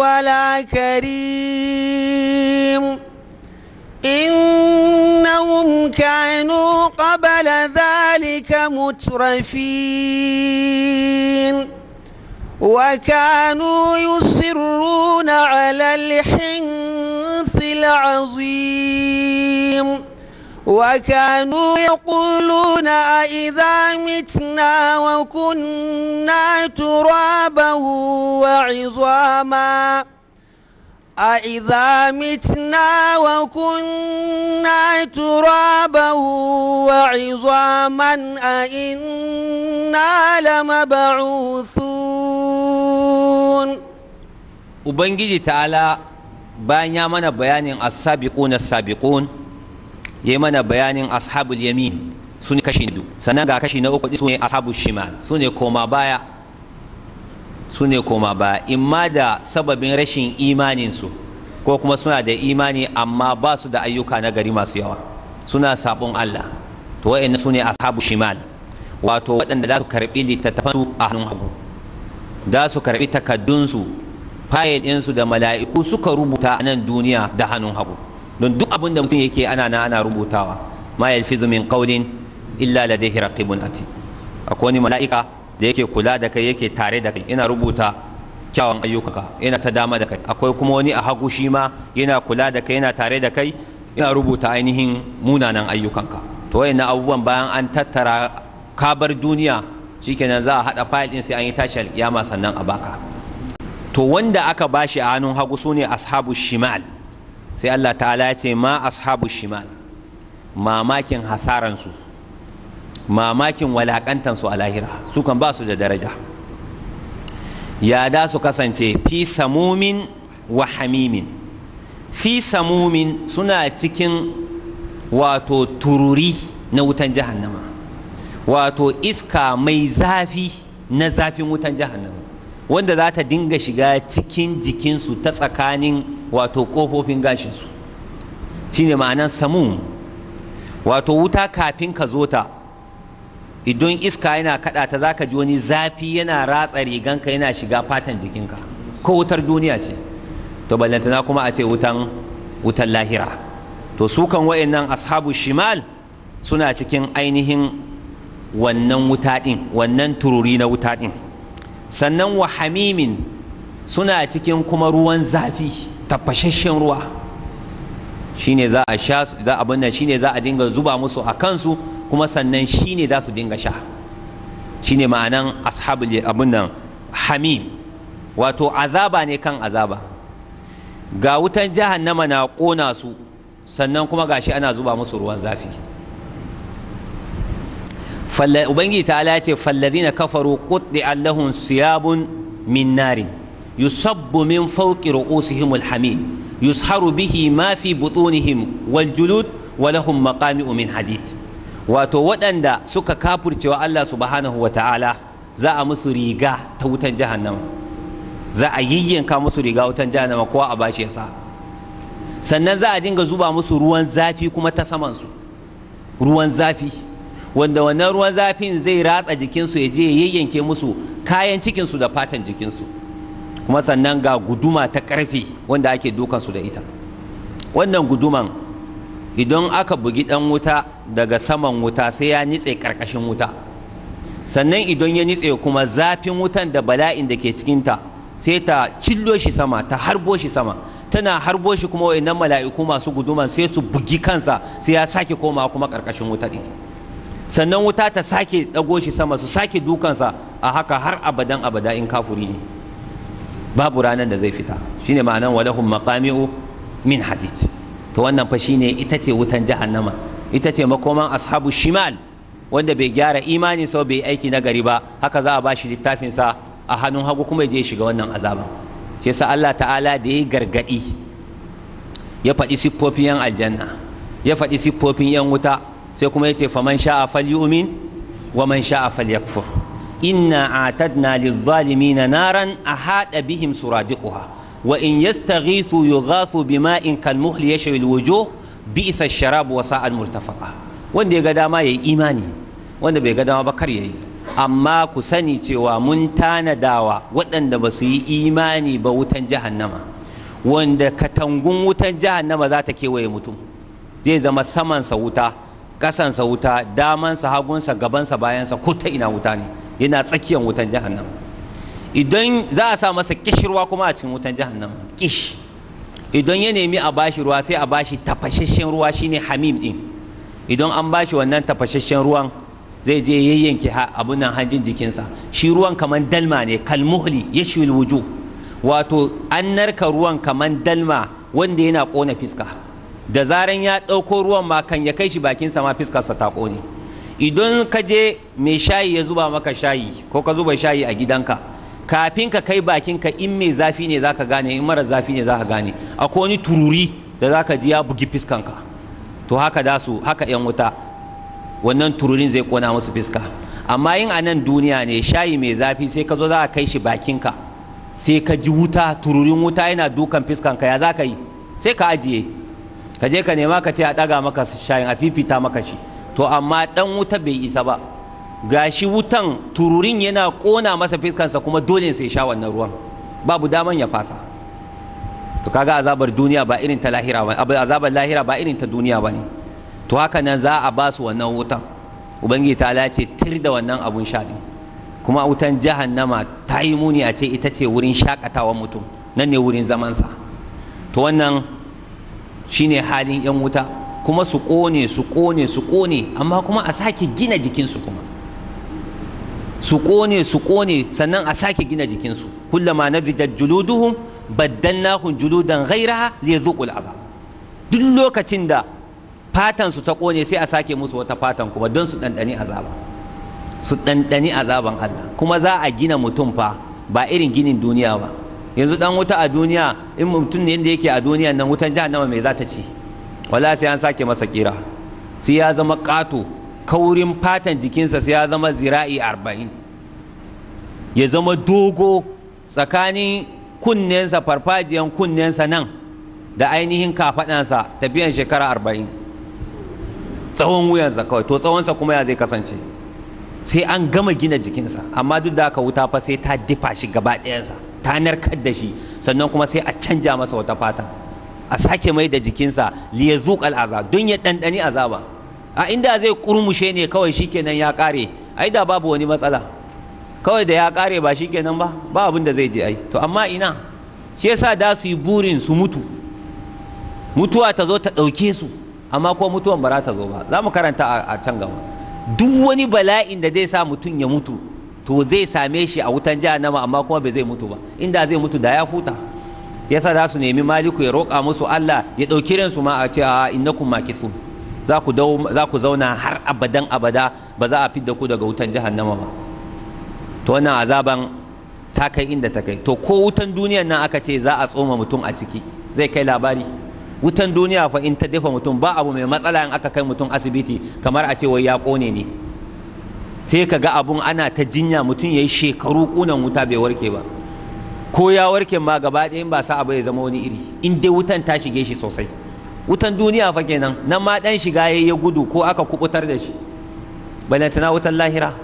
ولا كريم إنهم كانوا قبل ذلك مت المسرفين وكانوا يصرون على الحنث العظيم وكانوا يقولون أئذا متنا وكنا ترابا وعظاما أإذا متنا وكنا ترابا وعظاما أإنا لمبعوثون Ubangiji ta'ala bayan ya mana bayanin as-sabiqun as-sabiqun ya mana bayanin ashabul yamin su ne kashi na biyu sannan ga kashi na uku su ne ashabul shimal su ne koma baya su ne koma ba imma da sababin rashin imaninsu ko kuma suna da imani amma ba su da ayyuka na gari masu yawa suna sabon Allah to wa'in su ne ashabu shimal wato waɗanda za su karɓi littattafansu a hannun hagu za su karɓi takaddunsu fayil ɗinsu da mala'iku suka rubuta a nan duniya da hannun hagu don duk abin da mutum yake ana na ana rubutawa ma yalfizu min qawlin illa ladayhi raqibun atid akwai wani mala'ika da yake kula da kai yake tare da kai yana rubuta kyawun ayyukanka yana ta dama da kai akwai kuma wani a hagu shi ma yana kula da kai yana tare da kai yana rubuta ainihin munanan ayyukanka to wayannan abubuwan bayan an tattara kabar duniya shikenan za a hada fayil din sai an yi tashi alkiyama sannan a baka to wanda aka bashi a hannun hagu sune ashabu shimal sai Allah ta'ala ya ce ma ashabu shimal mamakin hasaran su mamakin su a lahira su kan ba su da daraja ya da su kasance fi samumin wa hamimin fi samumin suna cikin wato tururi na wutan jahannama wato iska mai zafi na zafin wutan jahannama wanda za ta dinga shiga cikin jikinsu ta tsakanin wato kofofin gashinsu shine ma'anan samun wato wuta kafin ka zo ta idan iska yana kada ta zaka ji wani zafi yana ratsa riganka yana shiga fatan jikinka ko wutar duniya ce to ballantana kuma a ce wutan wutan lahira to su kan wayannan ashabu shimal suna cikin ainihin wannan wuta din wannan tururi na wuta din sannan wa hamimin suna cikin kuma ruwan zafi tafashashen ruwa shine za a sha za abin nan shine za a dinga zuba musu a kansu kuma sannan shi ne za su dinga sha shi ne ma'anan ashabul abun nan hamim wato azaba ne kan azaba ga wutan jahannama na ƙona su sannan kuma gashi ana zuba musu ruwan zafi ubangiji ta ala ce fallazina kafaru qutti allahum siyabun min narin yusabbu min fauki ru'usihim hami yusharu bihi ma fi butunihim wal julud wa lahum maqami'u min hadid wato waɗanda suka kafurcewa Allah subhanahu wa ta'ala za a musu riga ta wutan jahannama za a yayyanka musu riga wutan jahannama kowa a bashi yasa sannan za a dinga zuba musu ruwan zafi kuma ta samansu ruwan zafi wanda wannan ruwan zafin zai ratsa jikinsu ya je ya yayyanke musu kayan cikinsu da fatan jikinsu kuma sannan ga guduma ta ƙarfe wanda ake dukansu da ita wannan guduman idan aka bugi ɗan wuta daga saman wuta sai ya nitse karkashin wuta sannan idan ya nitse kuma zafin wutan da bala'in da ke cikinta sai ta cillo shi sama ta harbo shi sama tana harbo shi kuma wayannan mala'iku masu guduman sai su bugi kansa sai ya sake koma kuma karkashin wuta ɗin sannan wuta ta sake ɗago shi sama su sake dukansa a haka har abadan abada in kafuri ne babu ranar da zai fita shine ma'anan walahum maqami'u min hadid to wannan fa shine ita ce wutan jahannama ita ce makoman ashabu shimal wanda bai gyara imani sau bai aiki na gari ba haka za a bashi littafin sa a hannun hagu kuma ya je shiga wannan azaba shi yasa Allah ta'ala da ya gargadi ya faɗi siffofin yan aljanna ya faɗi siffofin yan wuta sai kuma yace faman sha'a falyu'min wa man sha'a falyakfur inna atadna lil naran ahada bihim suradiquha wa in yastaghithu yughathu bima'in kalmuhli yashwil wujuh bi'sa ash-sharab wa sa'al murtafaqa wanda ya ga dama yayi imani wanda bai ga dama ba kar yayi amma ku sani cewa mun tanadawa waɗanda ba su yi imani ba wutan jahannama wanda katangun wutan jahannama za ta kewaye mutum zai zama samansa wuta sa wuta damansa hagunsa gabansa bayansa ko ta ina wuta ne yana tsakiyar wutan jahannama idan za a sa masa kishirwa kuma a cikin wutan jahannama kish idan ya nemi a bashi ruwa sai a bashi tafashashen ruwa shine hamim din idan an bashi wannan tafashashen ruwan zai je yayyanke abun nan hanjin jikinsa shi ruwan kaman dalma ne kalmuhli yashwil wuju wato an narka ruwan kaman dalma wanda yana kona fiska da zaran ya ɗauko ruwan ma kan ya kai shi bakinsa ma fiskarsa ta kone idan ka je mai shayi ya zuba maka shayi ko ka zuba shayi a gidanka kafin ka kai bakinka in mai zafi ne za ka gane in mara zafi ne za ka gane akwai wani tururi da za ka ji ya bugi fiskanka to haka da su haka yan wuta wannan tururin zai kona musu fiska amma in a nan duniya ne shayi mai zafi sai ka zo za ka kai shi bakinka sai ka ji wuta tururin wuta yana dukan fiskanka ya za ka yi sai ka ajiye ka je ka nema ka ce a ɗaga maka shayin a fifita maka shi to amma dan wuta bai isa ba gashi wutan tururin yana kona masa fiskansa kuma dole sai sha wannan ruwan babu daman ya fasa to kaga azabar duniya ba irin ta lahira ba azabar lahira ba irin ta duniya ba ne to haka nan za a basu wannan wutan ubangiji ta lace tir da wannan abun sha din kuma wutan jahannama ta yi muni a ce ita ce wurin shakatawan mutum nan ne wurin zamansa to wannan shine halin yan wuta kuma su kone su kone su kone amma kuma a sake gina jikinsu kuma su ƙone su kone sannan a sake gina jikinsu kullama nabidat juluduhum baddalnahum juludan ghairaha liyadhuqul azab duk lokacin da fatansu ta kone sai a sake musu wata fatan kuma don su ɗanɗani azaba su ɗanɗani azaban Allah kuma za a gina mutum fa ba irin ginin duniya ba yanzu dan wuta a duniya in mutum ne yadda yake a duniya nan wutan jahannama mai za ta ci wala sai an sake masa kira sai ya zama ƙato kaurin fatan jikinsa sai ya zama zira'i arba'in ya zama dogo tsakanin kunnensa farfajiyan kunnensa nan da ainihin kafaɗansa tafiyan shekara arba'in tsawon wuyansa kawai to tsawonsa kuma ya zai kasance sai an gama gina jikinsa amma duk da aka wuta fa sai ta difa shi gaba ɗayansa ta narkar da shi sannan kuma sai a canja masa wata fata a sake mai da jikinsa liya zuƙal azab don ya ɗanɗani azaba a inda zai kurmushe ne kawai shikenan ya kare ai da babu wani matsala kawai da ya kare ba shikenan ba ba abin da zai je ai to amma ina shi yasa da su yi burin su mutu mutuwa ta zo ta ɗauke su amma ko mutuwan ba ta zo ba za mu karanta a can gaba duk wani bala'in da zai sa mutum ya mutu to zai same shi a wutan jahannama amma kuma bai zai mutu ba inda zai mutu da ya futa yasa za su nemi maliku ya roƙa musu Allah ya ɗauki ransu ma a ce a innakum makisun za ku zauna har abadan abada ba za a fidda ku daga wutan jahannama ba to wannan azaban ta kai inda ta kai to ko wutan duniyan nan aka ce za a tsoma mutum a ciki zai kai labari wutan duniya fa in ta dafa mutum ba abu mai matsala in aka kai mutum asibiti kamar a ce wai ya kone ne sai ka ga abun ana ta jinya mutum ya yi shekaru kunan wuta bai warke ba ko ya warke ma gaba ɗaya ba sa abu ya zama wani iri in dai wutan ta shige shi sosai wutan duniya fa kenan nan ma dan shiga yayi ya gudu ko aka kubutar da shi balantana wutan lahira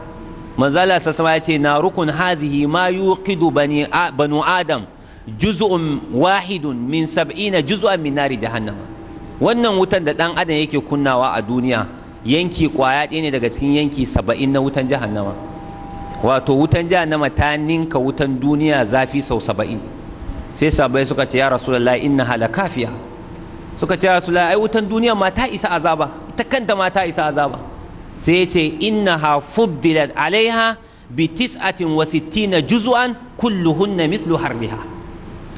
manzala sassama ya ce na rukun hadhihi ma yuqidu bani banu adam juz'un wahidun min sab'ina juz'an min nari wannan wutan da dan adam yake kunnawa a duniya yanki kwaya ɗaya ne daga cikin yanki saba'in na wutan jahannama wato wutan jahannama ta ninka wutan duniya zafi sau saba'in sai sabai suka ce ya rasulullahi inna halakafiya kafiya suka ce rasula ai wutan duniya ma ta isa azaba ita kanta ma ta isa azaba sai ya ce innaha fuddilat alaiha bi tis'atin wa sittina juz'an kulluhunna mithlu harbiha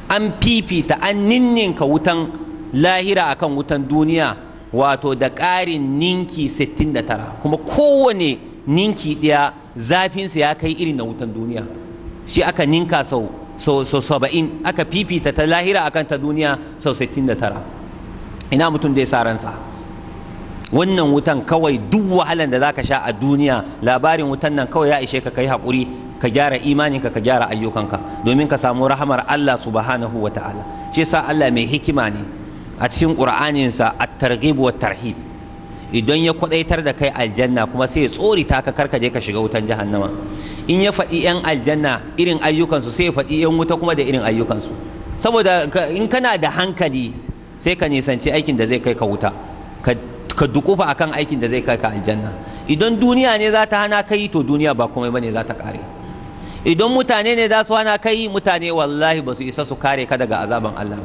an fifita an ninninka wutan lahira akan wutan duniya wato da ƙarin ninki 69 kuma kowane ninki ɗaya zafinsa ya kai irin na wutan duniya shi aka ninka sau 70 aka fifita ta lahira akan ta duniya sau 69 ina mutum da ya sa ransa wannan wutan kawai duk wahalan da zaka sha a duniya labarin wutan nan kawai ya ishe ka kai haƙuri ka gyara imaninka ka gyara ayyukanka domin ka samu rahamar Allah subhanahu wa ta'ala shi yasa Allah mai hikima ne a cikin ƙur'aninsa at-targhib wa tarhib idan ya kwadaitar da kai aljanna kuma sai ya ta ka karka je ka shiga wutan jahannama in ya faɗi yan aljanna irin ayyukansu sai ya faɗi yan wuta kuma da irin ayyukansu saboda in kana da hankali sai ka nisanci aikin da zai kai ka wuta ka dukufa akan aikin da zai kai ka aljanna idan duniya ne za ta hana kai to duniya ba komai bane za ta kare idan mutane ne za su hana kai mutane wallahi ba su isa su kare ka daga azaban Allah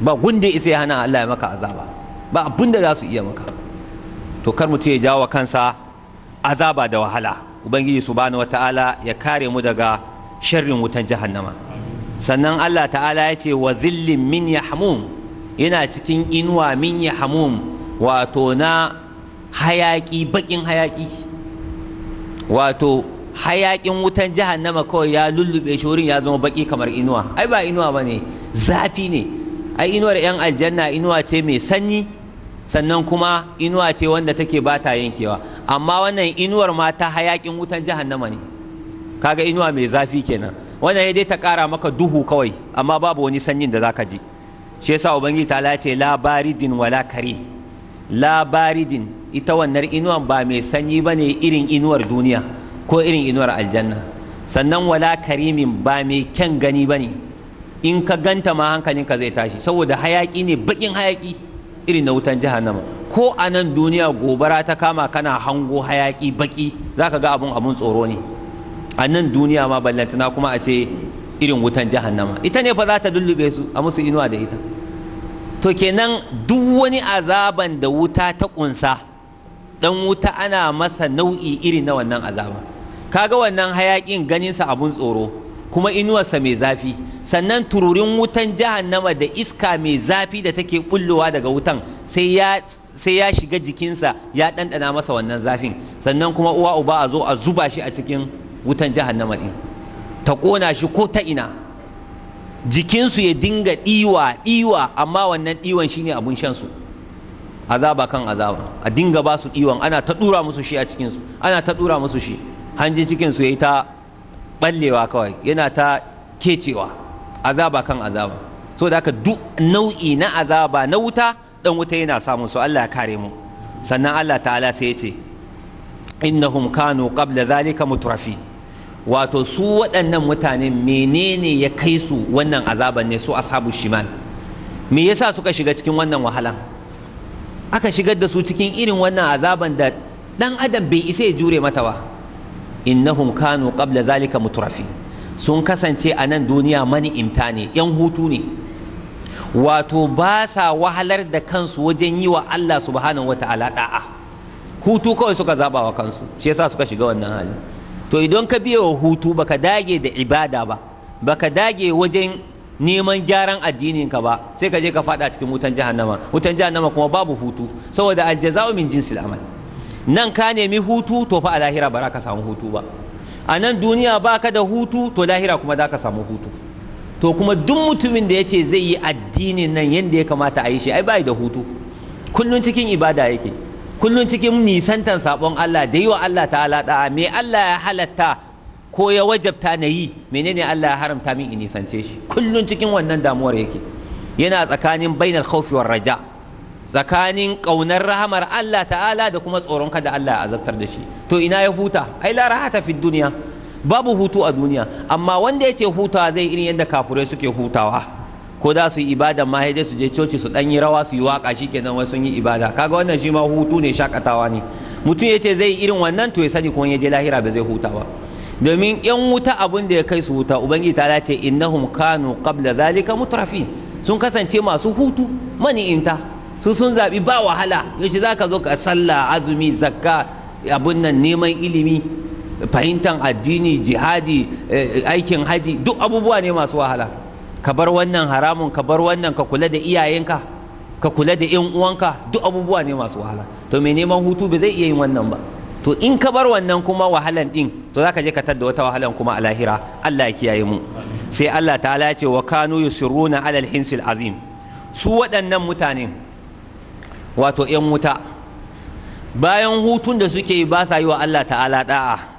ba ba gunde isa ya hana Allah ya maka azaba ba abin da za su iya maka to kar mutum ya jawo kansa azaba da wahala ubangiji subhanahu wataala ya kare mu daga sharrin wutan jahannama sannan Allah ta'ala ya ce wa zillin min yahmum yana cikin inuwa min ya hamum wato na hayaƙi bakin hayaƙi, wato hayaƙin wutan jahannama kawai ya lullube shi wurin ya zama baƙi kamar inuwa ai ba inuwa ba ne zafi ne ai inuwar yan aljanna inuwa ce mai sanyi sannan kuma inuwa ce wanda take ba ta yankewa amma wannan inuwar ma ta hayaƙin wutan jahannama ne kaga inuwa mai zafi kenan wannan ya dai ta kara maka duhu kawai amma babu wani sanyin da za ka ji shi yasa ubangiji ta ce labaridin wala karim labaridin ita wannan inuwan ba mai sanyi ba ne irin inuwar duniya ko irin inuwar aljanna sannan wala karimin ba mai kyan gani ba ne in ka ganta ma hankalin ka zai tashi saboda hayaki ne bakin hayaki irin na wutan jahannama ko a nan duniya gobara ta kama kana hango hayaki baki zaka ga abun abun tsoro ne a nan duniya ma ballantana kuma a ce irin wutan jahannama ita ne fa za ta lullube su a musu inuwa da ita to kenan duk wani azaban da wuta ta kunsa dan wuta ana masa nau'i irin na wannan azaban kaga wannan hayakin ganinsa abun tsoro kuma inuwarsa mai zafi sannan tururin wutan jahannama da iska mai zafi da take bullowa daga wutan sai ya sai ya shiga jikinsa ya ɗanɗana masa wannan zafin sannan kuma uwa uba a zo a zuba shi a cikin wutan jahannama ɗin ta ƙona shi ko ta ina jikinsu ya dinga ɗiwa ɗiwa amma wannan ɗiwan shine abun shansu azaba kan azaba a dinga ba su ɗiwan ana ta ɗura musu shi a cikinsu ana ta ɗura musu shi hanji cikinsu ya yi ta ɓallewa kawai yana ta kecewa azaba kan azaba so da haka duk nau'i na azaba na wuta dan wuta yana samun su Allah ya kare mu sannan Allah ta'ala sai ya ce innahum kanu qabla zalika mutrafin wato su waɗannan mutane menene ya kai su wannan azaban ne su ashabu shimal me yasa suka shiga cikin wannan wahala aka shigar da su cikin irin wannan azaban da ɗan adam bai isa ya jure mata ba innahum kanu qabla zalika muturafi sun kasance a nan duniya mani imta ne yan hutu ne wato ba sa wahalar da kansu wajen yi wa Allah subhanahu wataala da'a hutu kawai suka zaba wa kansu shi yasa suka shiga wannan hali to idan ka biya wa hutu baka dage da ibada ba baka dage wajen neman gyaran ka ba sai ka je ka fada cikin wutan jahannama wutan jahannama kuma babu hutu saboda aljaza'u min jinsil amal nan ka nemi hutu to fa a lahira ba ka samu hutu ba a nan duniya ba ka da hutu to lahira kuma za ka samu hutu to kuma duk mutumin da ya ce zai yi addinin nan yadda ya kamata a yi shi ai bai da hutu kullum cikin ibada yake kullun cikin nisantan sabon Allah da yi wa Allah ta'ala da'a me Allah ya halatta ko ya wajabta na yi menene Allah ya haramta min in nisance shi Kullum cikin wannan damuwar yake yana tsakanin bainal khawfi war raja tsakanin kaunar rahamar Allah ta'ala da kuma tsoron kada Allah ya azabtar da shi to ina ya huta ai la rahata fi duniya babu hutu a duniya amma wanda yake hutawa zai irin yadda kafurai suke hutawa ko za su yi ibada ma dai su je coci su dan yi rawa su yi waƙa shi ke wai sun yi ibada kaga wannan shi ma hutu ne shakatawa ne mutum ya ce zai irin wannan to ya sani kuma ya je lahira ba zai huta ba domin yan wuta abun da ya kai su huta ubangiji ta ce innahum kanu qabla zalika mutrafin sun kasance masu hutu inta su sun zabi ba wahala yace zaka zo ka sallah azumi zakka abun nan neman ilimi fahimtar addini jihadi eh, aikin haji duk abubuwa ne masu wahala ka bar wannan haramun ka bar wannan ka kula da iyayenka ka kula da yan uwanka duk abubuwa ne masu wahala to mai neman hutu ba zai iya yin wannan ba to in ka bar wannan kuma wahalan din to zaka je ka tadda wata wahalan kuma a lahira Allah ya kiyaye mu sai Allah ta'ala ya ce wa kanu yusirruna alal hinsil azim su waɗannan mutane wato yan wuta bayan hutun da suke yi ba sa yi wa Allah ta'ala da'a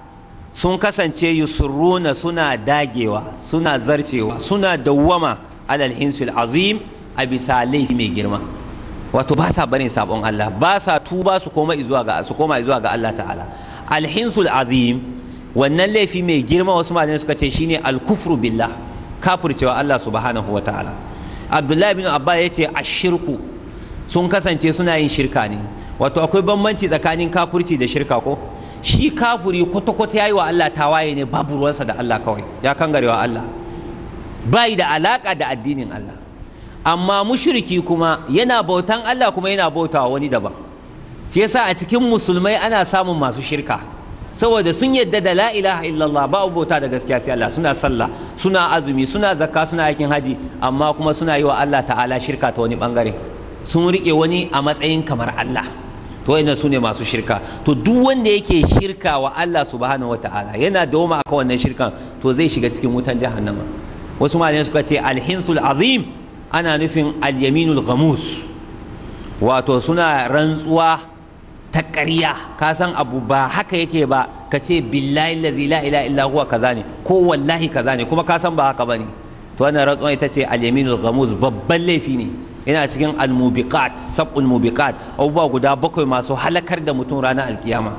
sun kasance yusuruna suna dagewa suna zarcewa suna dawwama alal insul azim a bisa laifi mai girma wato ba sa barin sabon Allah ba sa tuba su koma zuwa ga su koma zuwa ga Allah ta'ala alhinsul azim wannan laifi mai girma wasu malamai suka ce shine alkufru billah kafircewa Allah subhanahu wa ta'ala Abdullahi bin Abba ya ce a shirku sun kasance suna yin shirka ne wato akwai bambanci tsakanin kafirci da shirka ko shi kafuri kwata-kwata ya yi wa Allah tawaye ne babu ruwansa da Allah kawai ya wa Allah bai da alaka da addinin Allah amma mushriki kuma yana bautan Allah kuma yana bautawa wani daban shi yasa a cikin musulmai ana samun masu shirka saboda sun yadda da la ilaha illallah ba bauta da gaskiya sai Allah suna sallah suna azumi suna zakka suna aikin haji amma kuma suna yi wa Allah ta'ala shirka ta wani bangare sun riƙe wani a matsayin kamar Allah to wa'annan su ne masu shirka to duk wanda yake shirka wa Allah subhanahu wataala yana dawoma akan wannan shirkan to zai shiga cikin wutan jahannama wasu malamai suka ce alhinsul azim ana nufin alyaminul ghamus wato suna rantsuwa ta ƙarya ka san abu ba haka yake ba ka ce billahi lazi la ila illa huwa kaza ne ko wallahi kaza ne kuma ka san ba haka bane to wannan rantsuwa ita ce alyaminul ghamus babban laifi ne yana cikin almubiqat sab'ul mubiqat abubuwa guda bakwai masu halakar da mutum ranar alkiyama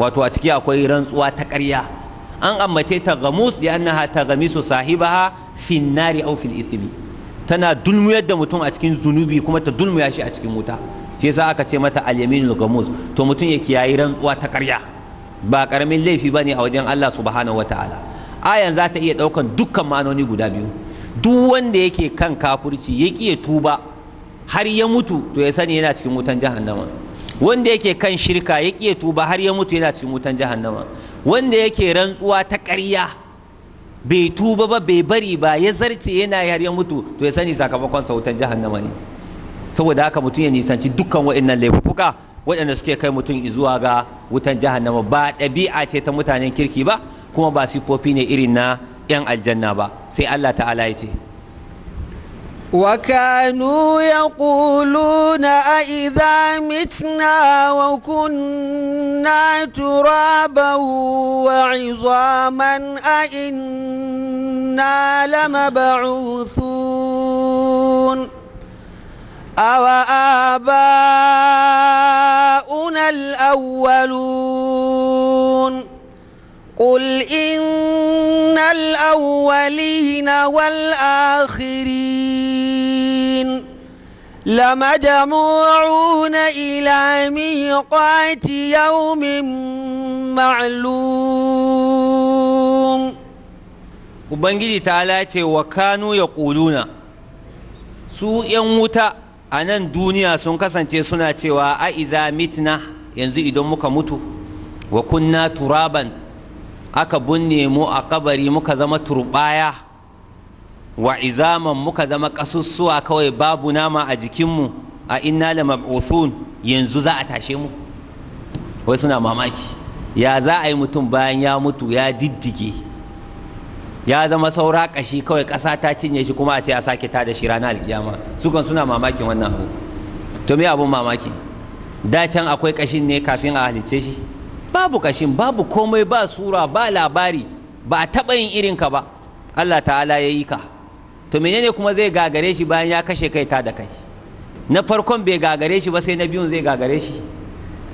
wato a ciki akwai rantsuwa ta ƙarya an ambace ta gamus da annaha ta gamisu sahibaha fi nari fil tana dulmuyar da mutum a cikin zunubi kuma ta dulmuya shi a cikin wuta shi yasa aka ce mata al-yaminul gamus to mutum ya kiyayi rantsuwa ta ƙarya ba karamin laifi bane a wajen Allah subhanahu wataala ayan za ta iya ɗaukan dukkan ma'anoni guda biyu duk wanda yake kan kafurci ya ya tuba har ya mutu to ya sani yana cikin wutan jahannama wanda yake kan shirka ya ƙi tuba har ya mutu yana cikin wutan jahannama wanda yake rantsuwa ta ƙarya bai tuba ba bai bari ba ya zarce yana har ya mutu to ya sani sakamakon sa wutan jahannama ne saboda haka mutum ya nisanci dukkan waɗannan laifuka waɗanda suke kai mutum zuwa ga wutan jahannama ba ɗabi'a ce ta mutanen kirki ba kuma ba siffofi ne irin na 'yan aljanna ba sai Allah ta'ala ya ce وكانوا يقولون أئذا متنا وكنا ترابا وعظاما أئنا لمبعوثون أو آباؤنا الأولون قل إن الأولين والآخرين لمجموعون إلى ميقات يوم معلوم Ubangiji ta lace wa kanu ya ƙuluna su ‘yan wuta a nan duniya sun kasance suna cewa a mitna yanzu idan muka mutu wa kunna turaban aka binne mu a kabari muka zama turbaya wa izaman muka zama kasussuwa kawai babu nama a jikinmu a inna la mab'uthun yanzu za a tashe mu wai suna mamaki ya za a yi mutum bayan ya mutu ya diddige ya zama saura kashi kawai ƙasa ta cinye shi kuma a ce a sake ta da shi ranar alkiyama kan suna mamakin wannan abu to me abun mamaki da can akwai kashin ne kafin a halicce shi babu kashin babu komai ba sura ba labari ba taɓa yin irin ka ba Allah ta'ala ya yi ka to menene kuma zai gagare shi bayan ya kashe kai ta da kai na farkon bai gagare shi ba sai na biyun zai gagare shi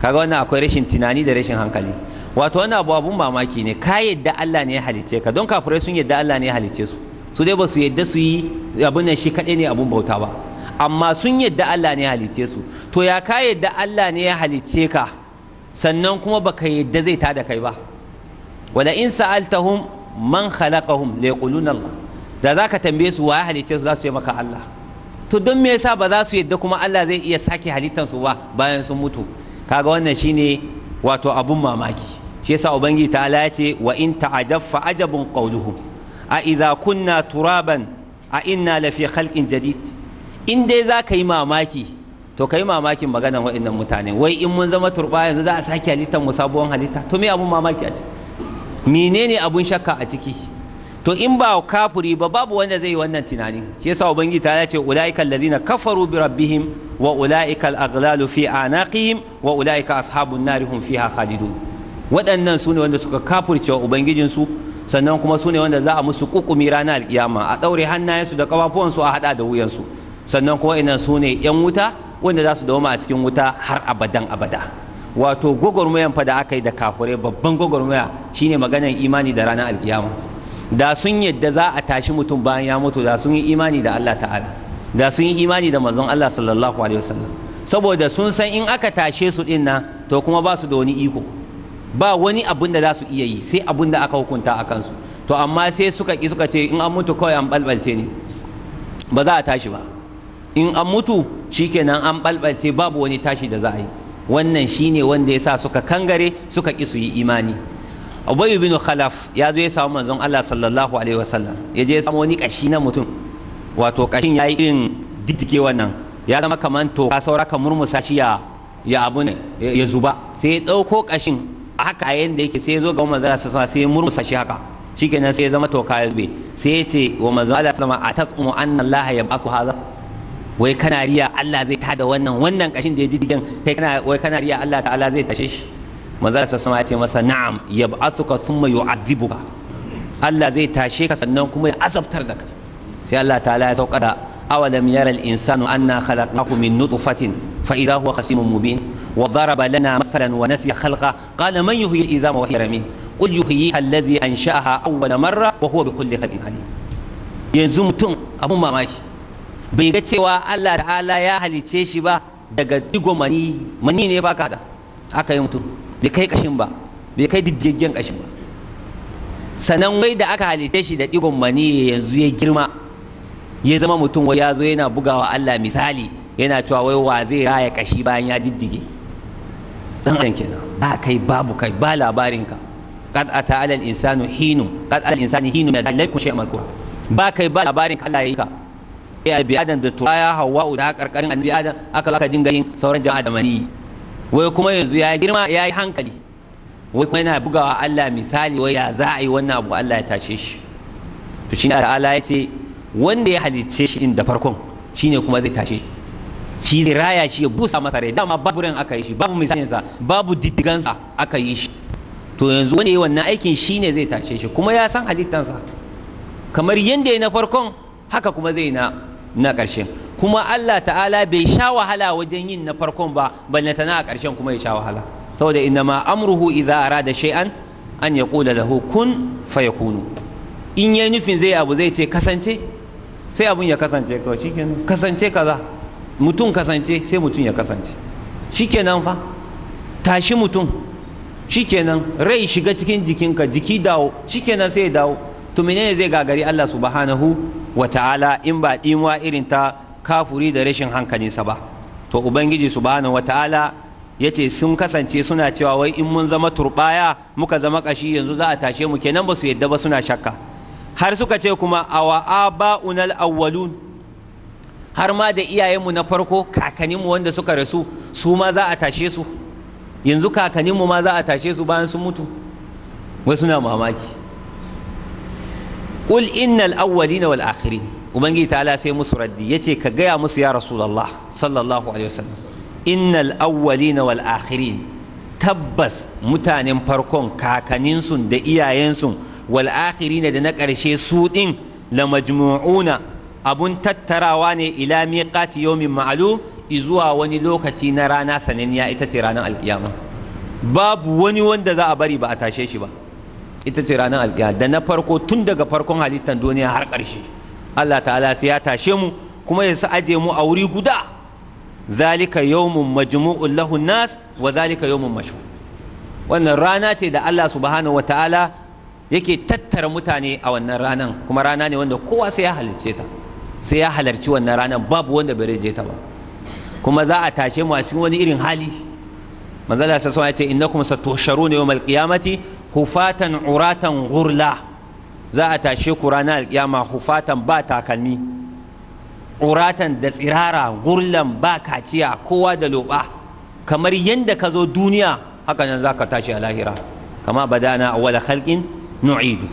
kaga wannan akwai rashin tunani da rashin hankali wato wannan abu abun mamaki ne ka yadda Allah ne ya halicce ka don kafirai sun yadda Allah ne ya halicce su su dai ba su yadda su yi abun nan shi kaɗai ne abun bauta ba amma sun yadda Allah ne ya halicce su to ya ka yadda Allah ne ya halicce ka sannan kuma baka yadda zai tada kai ba wala in sa'altahum man khalaqahum la yaquluna Allah da zaka tambaye su ya halicce su za su yi maka Allah to don me yasa ba za su yadda kuma Allah zai iya sake halittar su ba bayan sun mutu kaga wannan shine wato abun mamaki shi yasa ubangiji ta ce wa in ta'ajab fa ajabun qawluhum a idza kunna turaban a inna lafi khalqin jadid in dai zaka yi mamaki to kai mamakin maganan waɗannan mutane wai in mun zama turba yanzu za a sake halittar mu sabuwar halitta to me abun mamaki a ciki menene abun shakka a ciki to in ba kafuri ba babu wanda zai yi wannan tunani shi yasa ubangiji ta ce ulaika allazina kafaru bi rabbihim wa ulaika al-aghlalu fi anaqihim wa ulaika ashabun nar hum fiha khalidun waɗannan sune wanda suka kafurce ubangijinsu su sannan kuma sune wanda za a musu kukumi ranar alkiyama a daure hannayensu da kafafuwansu a haɗa da wuyansu sannan kuma inan sune yan wuta wanda za su dawoma a cikin wuta har abadan abada wato gwagwarmayan fa da aka yi da kafurai babban gwagwarmaya shine maganar imani da ranar alkiyama da sun yadda za a tashi mutum bayan ya mutu da sun yi imani da Allah ta'ala da sun yi imani da manzon Allah sallallahu alaihi wasallam saboda sun san in aka tashe su din nan to kuma ba su da wani iko ba wani abun da za su iya yi sai abun da aka hukunta a kansu to amma sai suka ki suka ce in an mutu kawai an balbalce ni. ba za a tashi ba in an mutu shikenan an balbalce babu wani tashi da za a yi wannan shine wanda ya sa suka kangare suka ki su yi imani Ubayy bin Khalaf ya zo ya samu manzon Allah sallallahu alaihi wasallam ya je ya samu wani kashi na mutum wato kashin yayi irin diddige wannan ya zama kaman to ka saura ka murmusa shi ya ya abu ne ya zuba sai ya dauko kashin haka a yanda yake sai ya zo ga manzon Allah sallallahu alaihi wasallam sai ya murmusa shi haka shikenan sai ya zama to ka ya zube sai ya ce wa manzon Allah sallallahu alaihi wasallam atasumu anna Allah yab'athu hadha wai kana riya Allah zai tada wannan wannan kashin da ya didigan kai kana wai kana riya Allah ta'ala zai tashe shi manzo Allah sallallahu alaihi wasallam ya ce masa na'am yab'athuka thumma yu'adhibuka Allah zai tashe ka sannan kuma ya azabtar da ka sai Allah ta'ala ya sauka da awalam yara al-insanu anna khalaqnahu min nutfatin fa idha huwa khasimun mubin wa daraba lana mathalan wa nasiya khalqa qala man yuhyi al-idhama wa hiya ramin qul yuhyiha alladhi ansha'aha awwala marra wa huwa bi kulli khalqin alim yanzu mutum abun mamaki bai ga cewa Allah ta'ala ya halice shi ba daga digo mani mani ne ba da aka yi mutum bai kai kashin ba bai kai diddigen kashin ba sanan wai da aka halice shi da digon mani yanzu ya girma ya zama mutum wai ya zo yana bugawa Allah misali yana cewa wai wa zai raya kashi bayan ya diddige dan adam kenan ba kai babu kai ba labarin ka qad ata al insanu hinu qad al insanu hinu min dalikum shay'an ba kai ba labarin ka Allah yayi ka bi adam da ya hawa da karkarin annabi adam aka aka dinga yin sauran jama'a da mani wai kuma yanzu ya girma ya yi hankali wai kuma yana bugawa Allah misali wai ya za a yi wannan abu Allah ya tashe shi to shi shine Allah ya ce wanda ya halicce shi da farkon shine kuma zai tashe shi zai raya shi ya busa masa rai dama babu ran aka yi shi babu misalinsa babu diddigansa aka yi shi to yanzu wanda ya wannan aikin shine zai tashe shi kuma ya san halittansa kamar yanda ya na farkon haka kuma zai na na ƙarshen kuma Allah ta'ala bai sha wahala wajen yin na farkon ba balle ta na ƙarshen kuma ya sha wahala saboda inna ma amruhu idza arada shay'an an yaqula lahu kun fayakunu in yayi nufin zai abu zai ce kasance sai abun ya kasance kawai shikenan kasance kaza mutum kasance sai mutum ya kasance shikenan fa tashi mutum shikenan rai shiga cikin jikinka jiki dawo shikenan sai ya dawo to menene zai gagari Allah subhanahu wa ta'ala in ba dimwa irin ta kafuri da rashin sa ba to ubangiji subhanahu wa ta'ala yace sun kasance suna cewa wai in mun zama turbaya muka zama kashi yanzu za a tashe mu kenan ba su yadda ba suna shakka har suka ce kuma awa aba'unal awwalun har ma da iyayenmu na farko kakaninmu wanda suka rasu su ma za a tashe su yanzu kakaninmu ma za a tashe su bayan sun mutu wai suna mamaki Ul innal awwalina wal akhirin ubangiji ta'ala sai musu raddi yace ka gaya musu ya rasulullah sallallahu alaihi wasallam innal awwalina wal akhirin tabbas mutanen farkon kakaninsu da iyayensu wal akhirina da na ƙarshe su din la majmu'una abun tattarawa ne ila miqati yawmin ma'lum izuwa wani lokaci na rana sananniya ita ce ranar alkiyama babu wani wanda za a bari ba a tashe shi ba ita ce ranar alkiyama da na farko tun daga farkon halittar duniya har ƙarshe Allah ta'ala sai ya tashe mu kuma ya sa aje mu a wuri guda zalika yawmun majmu'un lahu nas wa zalika yawmun mashu wannan rana ce da Allah subhanahu ta'ala yake tattara mutane a wannan ranan kuma rana ne wanda kowa sai ya halarce ta sai ya halarci wannan ranan babu wanda bai je ta ba kuma za a tashe mu a cikin wani irin hali manzala sa sun ce innakum satusharuna yawmal qiyamati hufatan uratan gurla za a tashe ku ranar alkiyama hufatan ba takalmi uratan da tsirara gurlan ba kaciya kowa da loba kamar yadda ka zo duniya haka nan za ka tashi a lahira kama badana halkin khalqin nu'idu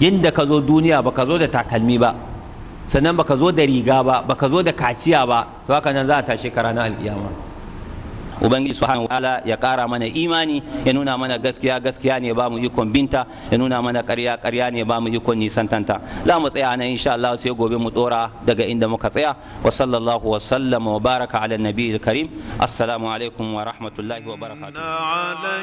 yadda ka zo duniya baka zo da takalmi ba sannan baka zo da riga ba baka zo da kaciya ba to haka nan za a tashe ka ranar alkiyama ubangiji su wataala ya kara mana imani ya nuna mana gaskiya gaskiya ne ba mu ikon binta ya nuna mana karya karya ne ba mu ikon nisantanta za mu tsaya nan insha Allah sai gobe mu dora daga inda muka tsaya wa sallallahu wa sallama wa baraka ala nabiyil karim assalamu alaikum wa rahmatullahi wa barakatuh